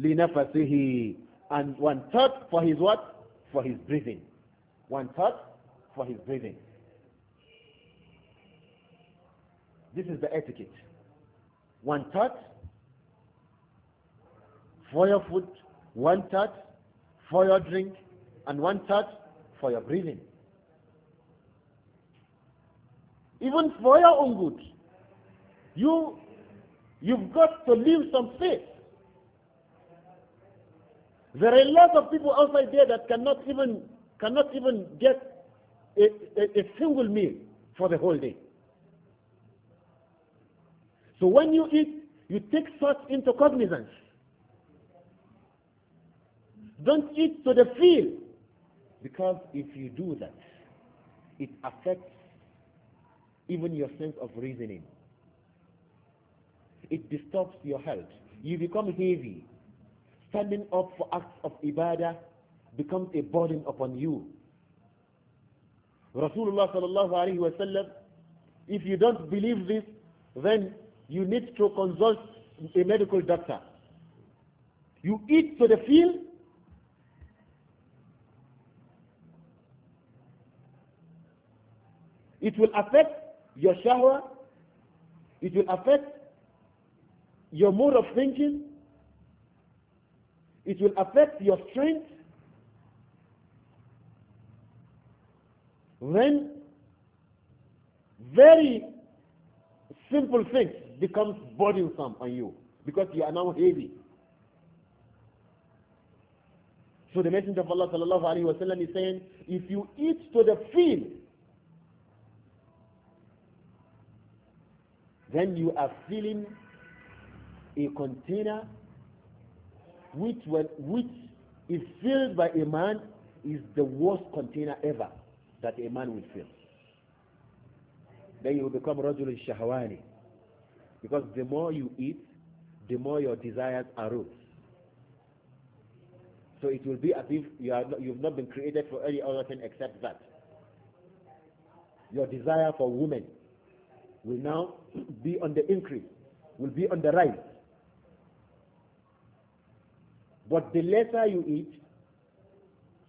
A: لِنَفَسِهِ And one third for his what? For his breathing. One third for his breathing. This is the etiquette. One third, for your food, one third for your drink, and one third for your breathing. Even for your own good, you you've got to leave some space. There are a lot of people outside there that cannot even cannot even get a, a, a single meal for the whole day. So when you eat, you take such into cognizance. Don't eat to the feel. Because if you do that, it affects even your sense of reasoning. It disturbs your health. You become heavy. Standing up for acts of ibadah becomes a burden upon you. Rasulullah sallallahu alayhi wa sallam, if you don't believe this, then you need to consult a medical doctor. You eat to the field. It will affect your shahwa. It will affect your mode of thinking. It will affect your strength. Then, very simple things becomes burdensome on you because you are now heavy. So the Messenger of Allah sallallahu alayhi wa sallam is saying, if you eat to the fill, then you are filling a container which, which is filled by a man is the worst container ever that a man will fill. Then you will become Rajul Shahawani. Because the more you eat, the more your desires arouse. So it will be as if you are not, you've not been created for any other thing except that. Your desire for women will now *clears throat* be on the increase, will be on the rise. But the lesser you eat,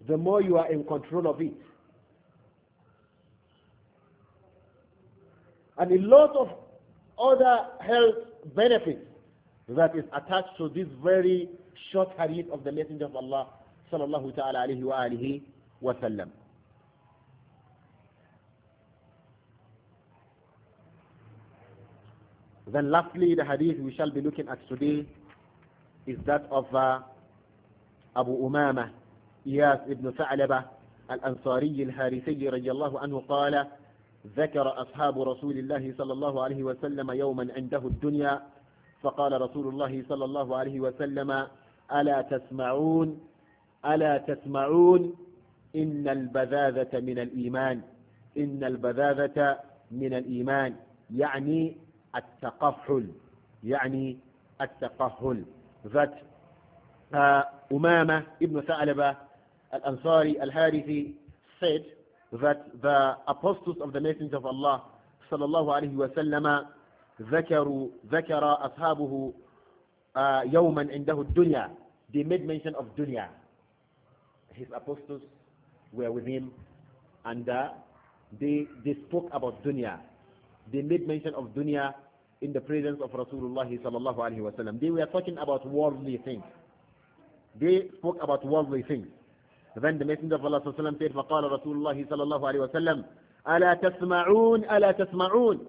A: the more you are in control of it. And a lot of other health benefits that is attached to this very short hadith of the Messenger of Allah sallallahu ta'ala alayhi wa alihi wa sallam. Then lastly, the hadith we shall be looking at today is that of uh, Abu Umama, Iyas ibn Sa'labah, الأنصاري الحارثي رضي الله عنه قال ذكر أصحاب رسول الله صلى الله عليه وسلم يوما عنده الدنيا فقال رسول الله صلى الله عليه وسلم ألا تسمعون ألا تسمعون إن البذاذة من الإيمان إن البذاذة من الإيمان يعني التقفل يعني التقفل ذات أمامة ابن ثعلبة الأنصاري الحارثي said that the apostles of the Messenger of Allah sallallahu alayhi wasallam, وسلم ذكروا ذكر أصحابه uh, يوما عنده الدنيا they made mention of dunya his apostles were with him and uh, they they spoke about dunya they made mention of dunya in the presence of Rasulullah sallallahu alaihi wasallam they were talking about worldly things they spoke about worldly things then the Messenger of Allah said, فَقَالَ رَسُولُ اللَّهِ صلى الله عليه وسلم, أَلَا تَسْمَعُونَ أَلَا تَسْمَعُونَ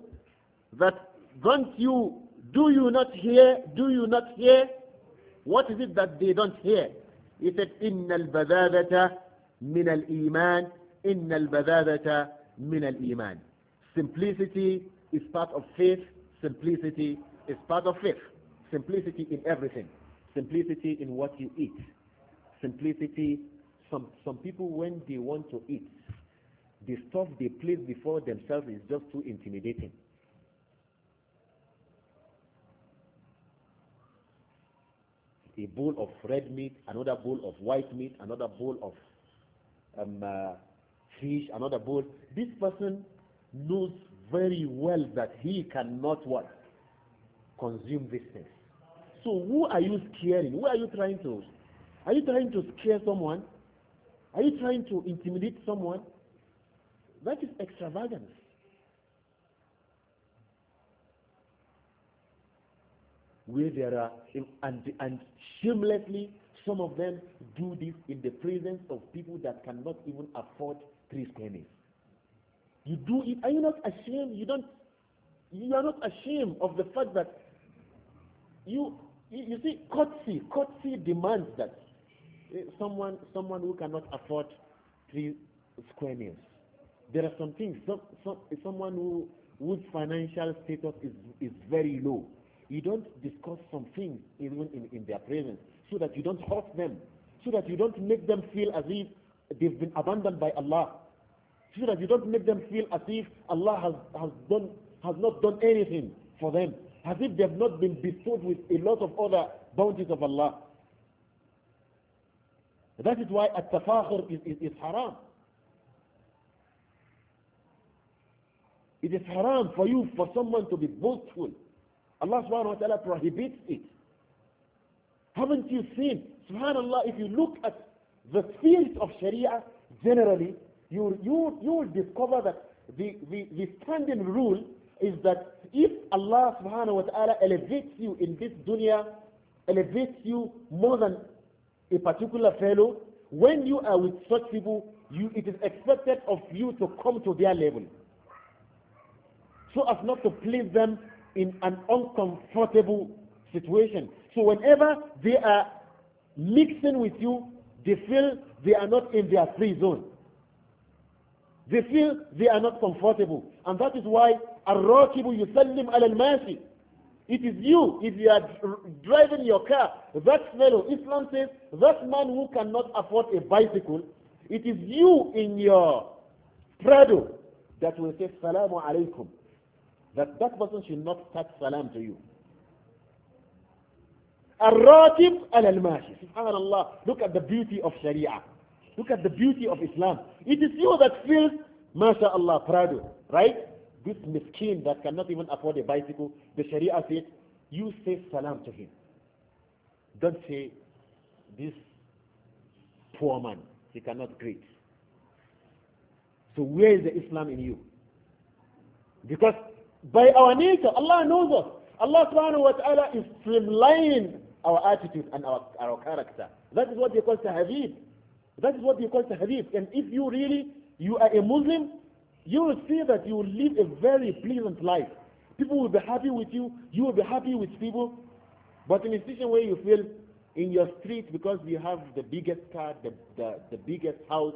A: That don't you, do you not hear, do you not hear? What is it that they don't hear? He said, إِنَّ الْبَذَاذَةَ مِنَ الْإِيمَانِ إِنَّ الْبَذَاذَةَ مِنَ الْإِيمَانِ Simplicity is part of faith. Simplicity is part of faith. Simplicity in everything. Simplicity in what you eat. Simplicity some, some people, when they want to eat, the stuff they place before themselves is just too intimidating. A bowl of red meat, another bowl of white meat, another bowl of um, uh, fish, another bowl. This person knows very well that he cannot what? Consume these things. So who are you scaring? Who are you trying to? Are you trying to scare someone? Are you trying to intimidate someone? That is extravagance. Where there are, and, and shamelessly, some of them do this in the presence of people that cannot even afford three pennies. You do it. Are you not ashamed? You don't. You are not ashamed of the fact that you. You, you see, courtesy, courtesy demands that someone, someone who cannot afford three square meals. There are some things, some, some, someone who, whose financial status is, is very low. You don't discuss some things even in, in their presence so that you don't hurt them, so that you don't make them feel as if they've been abandoned by Allah, so that you don't make them feel as if Allah has, has, done, has not done anything for them, as if they have not been bestowed with a lot of other bounties of Allah. That is why at-tafakhir is, is, is haram. It is haram for you, for someone to be boastful. Allah subhanahu wa ta'ala prohibits it. Haven't you seen? Subhanallah, if you look at the field of Sharia generally, you, you, you will discover that the, the, the standing rule is that if Allah subhanahu wa ta'ala elevates you in this dunya, elevates you more than a particular fellow, when you are with such people, you, it is expected of you to come to their level so as not to place them in an uncomfortable situation. So whenever they are mixing with you, they feel they are not in their free zone. They feel they are not comfortable. And that is why الراكب يسلم على الماشي it is you, if you are driving your car, that fellow, Islam says, that man who cannot afford a bicycle, it is you in your Prado that will say, Salamu alaykum. That that person should not touch salam to you. الراكب على al سبحان الله look at the beauty of sharia look at the beauty of islam it is you that feels masha'allah prado right this miskin that cannot even afford a bicycle, the Sharia says, you say salam to him. Don't say, this poor man, he cannot greet. So where is the Islam in you? Because by our nature, Allah knows us. Allah subhanahu wa ta'ala is streamlining our attitude and our, our character. That is what they call tahadib. That is what they call tahadib. And if you really, you are a Muslim, you will see that you will live a very pleasant life. People will be happy with you. You will be happy with people. But in a situation where you feel in your street because you have the biggest car, the, the, the biggest house,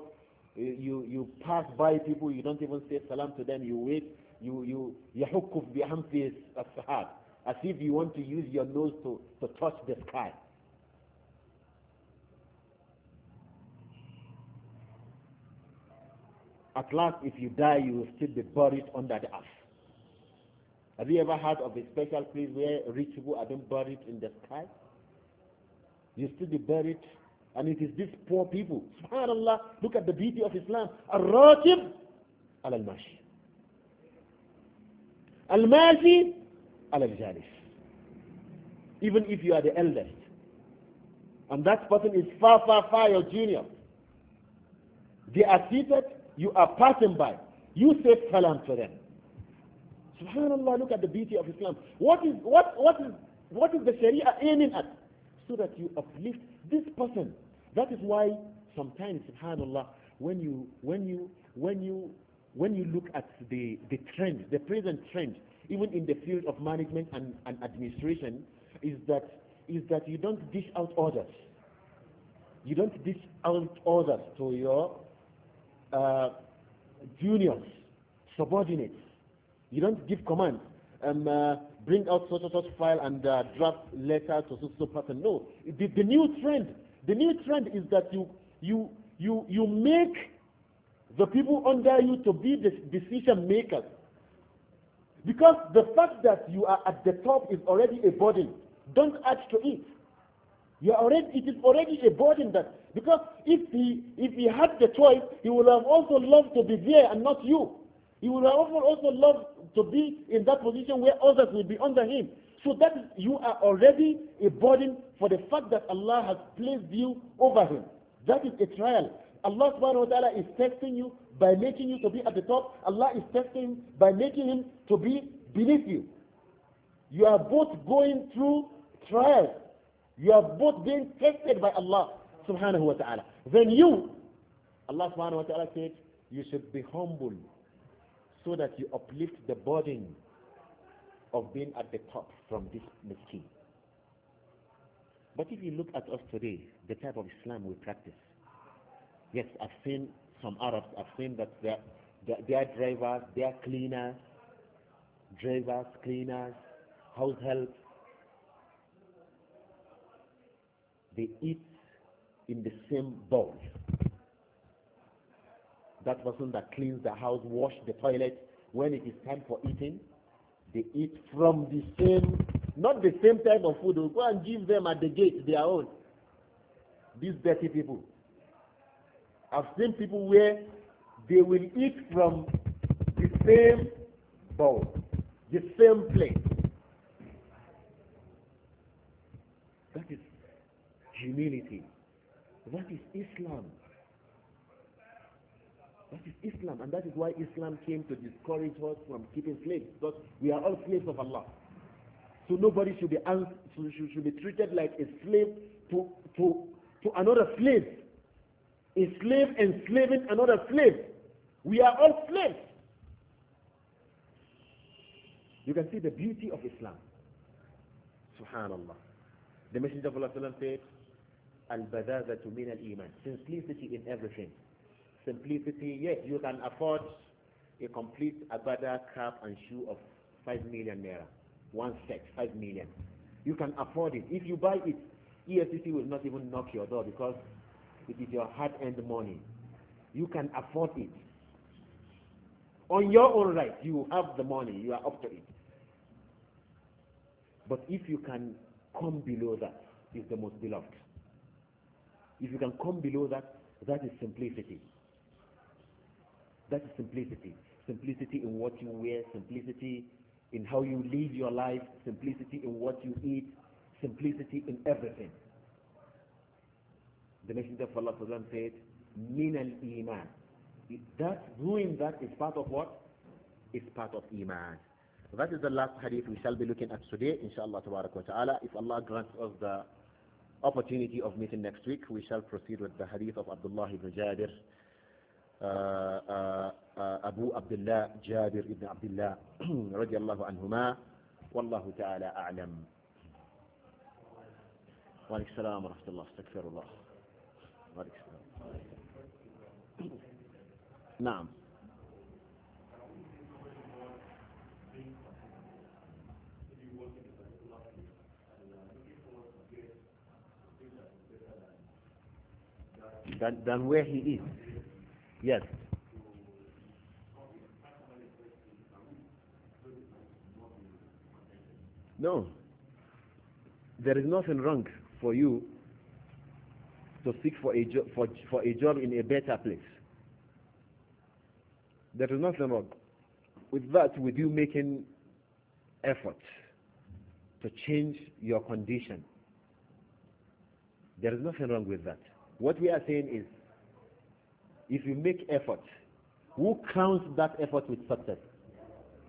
A: eh, you, you pass by people, you don't even say salam to them, you wait, you, you, يحكف بأنف السحاب, as if you want to use your nose to, to touch the sky. at last if you die you will still be buried under the earth. Have you ever heard of a special place where rich people are being buried in the sky? You still be buried and it is these poor people. SubhanAllah, look at the beauty of Islam. Al-Ratib al-Mashi. Al-Mashi al-Jalis. Even if you are the eldest. And that person is far, far, far your junior. They are seated you are passing by, you say salam to them. Subhanallah, look at the beauty of Islam. What is, what, what is, what is the Sharia aiming at? So that you uplift this person. That is why sometimes, subhanallah, when you, when you, when you, when you look at the, the trend, the present trend, even in the field of management and, and administration, is that, is that you don't dish out orders. You don't dish out orders to your uh, juniors, subordinates. You don't give command. and um, uh, bring out such and such file and uh, draft letter to such so person. No, the, the new trend, the new trend is that you you you you make the people under you to be the decision makers. Because the fact that you are at the top is already a burden. Don't add to it. You already, it is already a burden that, because if he, if he had the choice, he would have also loved to be there and not you. He would have also loved to be in that position where others will be under him. So that you are already a burden for the fact that Allah has placed you over him. That is a trial. Allah subhanahu wa ta'ala is testing you by making you to be at the top. Allah is testing by making him to be beneath you. You are both going through trials you have both been tested by Allah subhanahu wa ta'ala. Then you, Allah subhanahu wa ta'ala said, you should be humble so that you uplift the burden of being at the top from this miskin. But if you look at us today, the type of Islam we practice, yes, I've seen some Arabs, I've seen that their, their drivers, their cleaners, drivers, cleaners, house helps, they eat in the same bowl. That person that cleans the house, wash the toilet, when it is time for eating, they eat from the same, not the same type of food. we go and give them at the gate their own. These dirty people. I've seen people where they will eat from the same bowl, the same plate. That is humility. That is Islam. That is Islam, and that is why Islam came to discourage us from keeping slaves, because we are all slaves of Allah. So nobody should be should be treated like a slave to to to another slave, a slave enslaving another slave. We are all slaves. You can see the beauty of Islam. Subhanallah. The Messenger of Allah said, al-badazatu min iman simplicity in everything. Simplicity, yes, you can afford a complete abada cap and shoe of 5 million naira. One set, 5 million. You can afford it. If you buy it, EFCC will not even knock your door because it is your hard-earned money. You can afford it. On your own right, you have the money. You are up to it. But if you can come below that, is the most beloved. If you can come below that, that is simplicity. That is simplicity. Simplicity in what you wear, simplicity in how you live your life, simplicity in what you eat, simplicity in everything. The Messenger of Allah said, Min al Iman. That doing that is part of what? Is part of Iman. That is the last hadith we shall be looking at today, inshallah ta'ala, if Allah grants us the opportunity of meeting next week, we shall proceed with the hadith of Abdullah ibn Jabir, uh, uh, Abu Abdullah Jabir ibn Abdullah radiallahu anhuma, wallahu ta'ala a'lam. أعلم وعليك السلام ورحمة الله استغفر الله وعليك السلام نعم than, than where he is. Yes. No. There is nothing wrong for you to seek for a, job for, for a job in a better place. There is nothing wrong with that, with you making effort to change your condition. There is nothing wrong with that. What we are saying is, if you make effort, who counts that effort with success?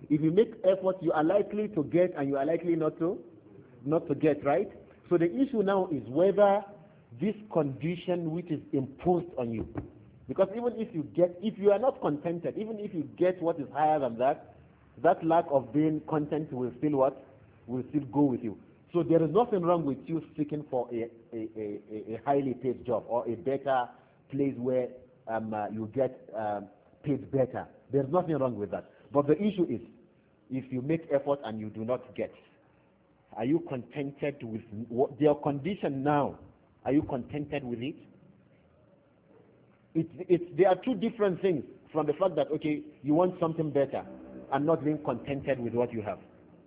A: If you make effort, you are likely to get and you are likely not to, not to get, right? So the issue now is whether this condition which is imposed on you, because even if you get, if you are not contented, even if you get what is higher than that, that lack of being content will still what? Will still go with you. So there is nothing wrong with you seeking for a, a, a, a highly paid job or a better place where um, uh, you get um, paid better. There's nothing wrong with that. But the issue is, if you make effort and you do not get, are you contented with what, condition now? Are you contented with it? It, it? there are two different things from the fact that, okay, you want something better and not being contented with what you have.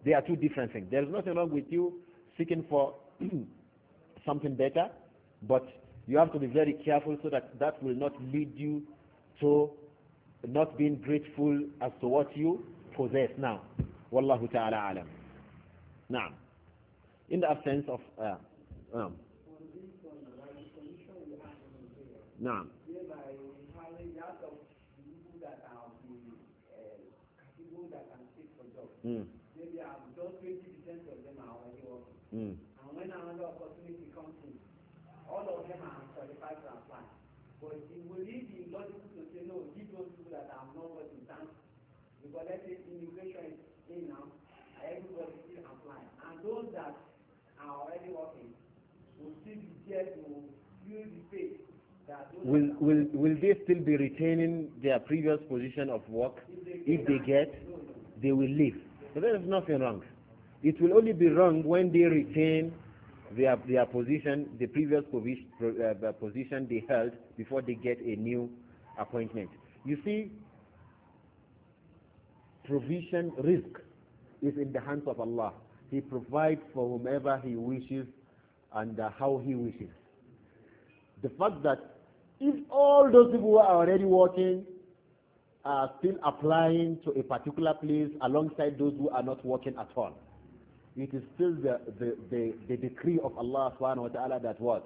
A: There are two different things. There is nothing wrong with you seeking for *clears throat* something better, but you have to be very careful so that that will not lead you to not being grateful as to what you possess now. Wallahu ta'ala alam. Now, in the absence of... Uh, um, now, mm. Mm. And when another opportunity comes in, all of them are qualified to apply. But it will it be logical to say, no, give those people that are not working thanks? Because let's say immigration is in now, everybody still apply. And those that are already working will still be there to feel the faith will will will they still be retaining their previous position of work if they, if they get, they will leave so there is nothing wrong it will only be wrong when they retain their, their position, the previous uh, uh, position they held before they get a new appointment. You see, provision, risk is in the hands of Allah. He provides for whomever He wishes and uh, how He wishes. The fact that if all those people who are already working are still applying to a particular place alongside those who are not working at all, it is still the, the, the, the decree of Allah subhanahu wa ta'ala that was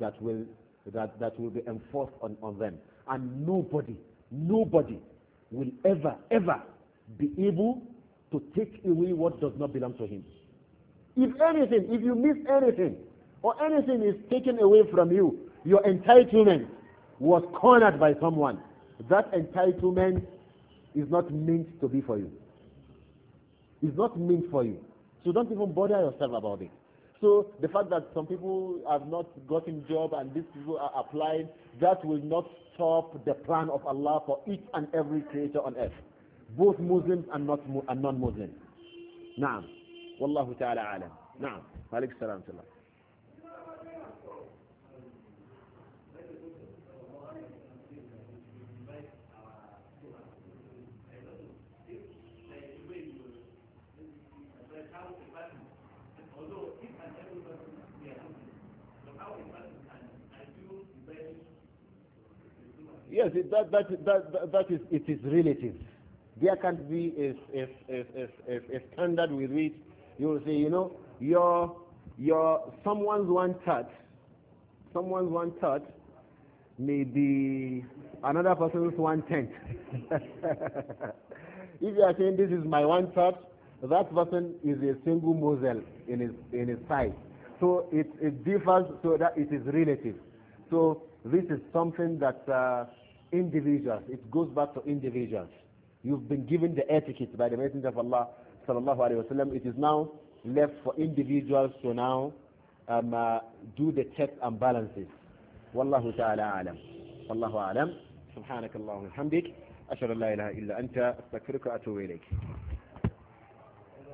A: That will, that, that will be enforced on, on them. And nobody, nobody will ever, ever be able to take away what does not belong to him. If anything, if you miss anything, or anything is taken away from you, your entitlement was cornered by someone. That entitlement is not meant to be for you. It's not meant for you. So don't even bother yourself about it. So the fact that some people have not gotten job and these people are applying, that will not stop the plan of Allah for each and every creature on earth, both Muslims and not and non-Muslims. Naam. Wallahu ta'ala alam. Naam. malik salam salam Yes, it, that, that, that, that is, it is relative. There can't be a, a, a, a, a standard with which you will say, you know, your, your, someone's touch, someone's one third may be another person's one tenth. *laughs* if you are saying this is my touch, that person is a single mozel in his, in his size. So it, it differs so that it is relative. So this is something that uh, individuals. It goes back to individuals. You've been given the etiquette by the Messenger of Allah sallallahu alaihi wasallam. It is now left for individuals to now um, uh, do the checks and balances. Wallahu ta'ala alam. Wallahu alam. سبحانك اللهم وبحمدك أشهد أن لا إله إلا أنت أستغفرك وأتوب إليك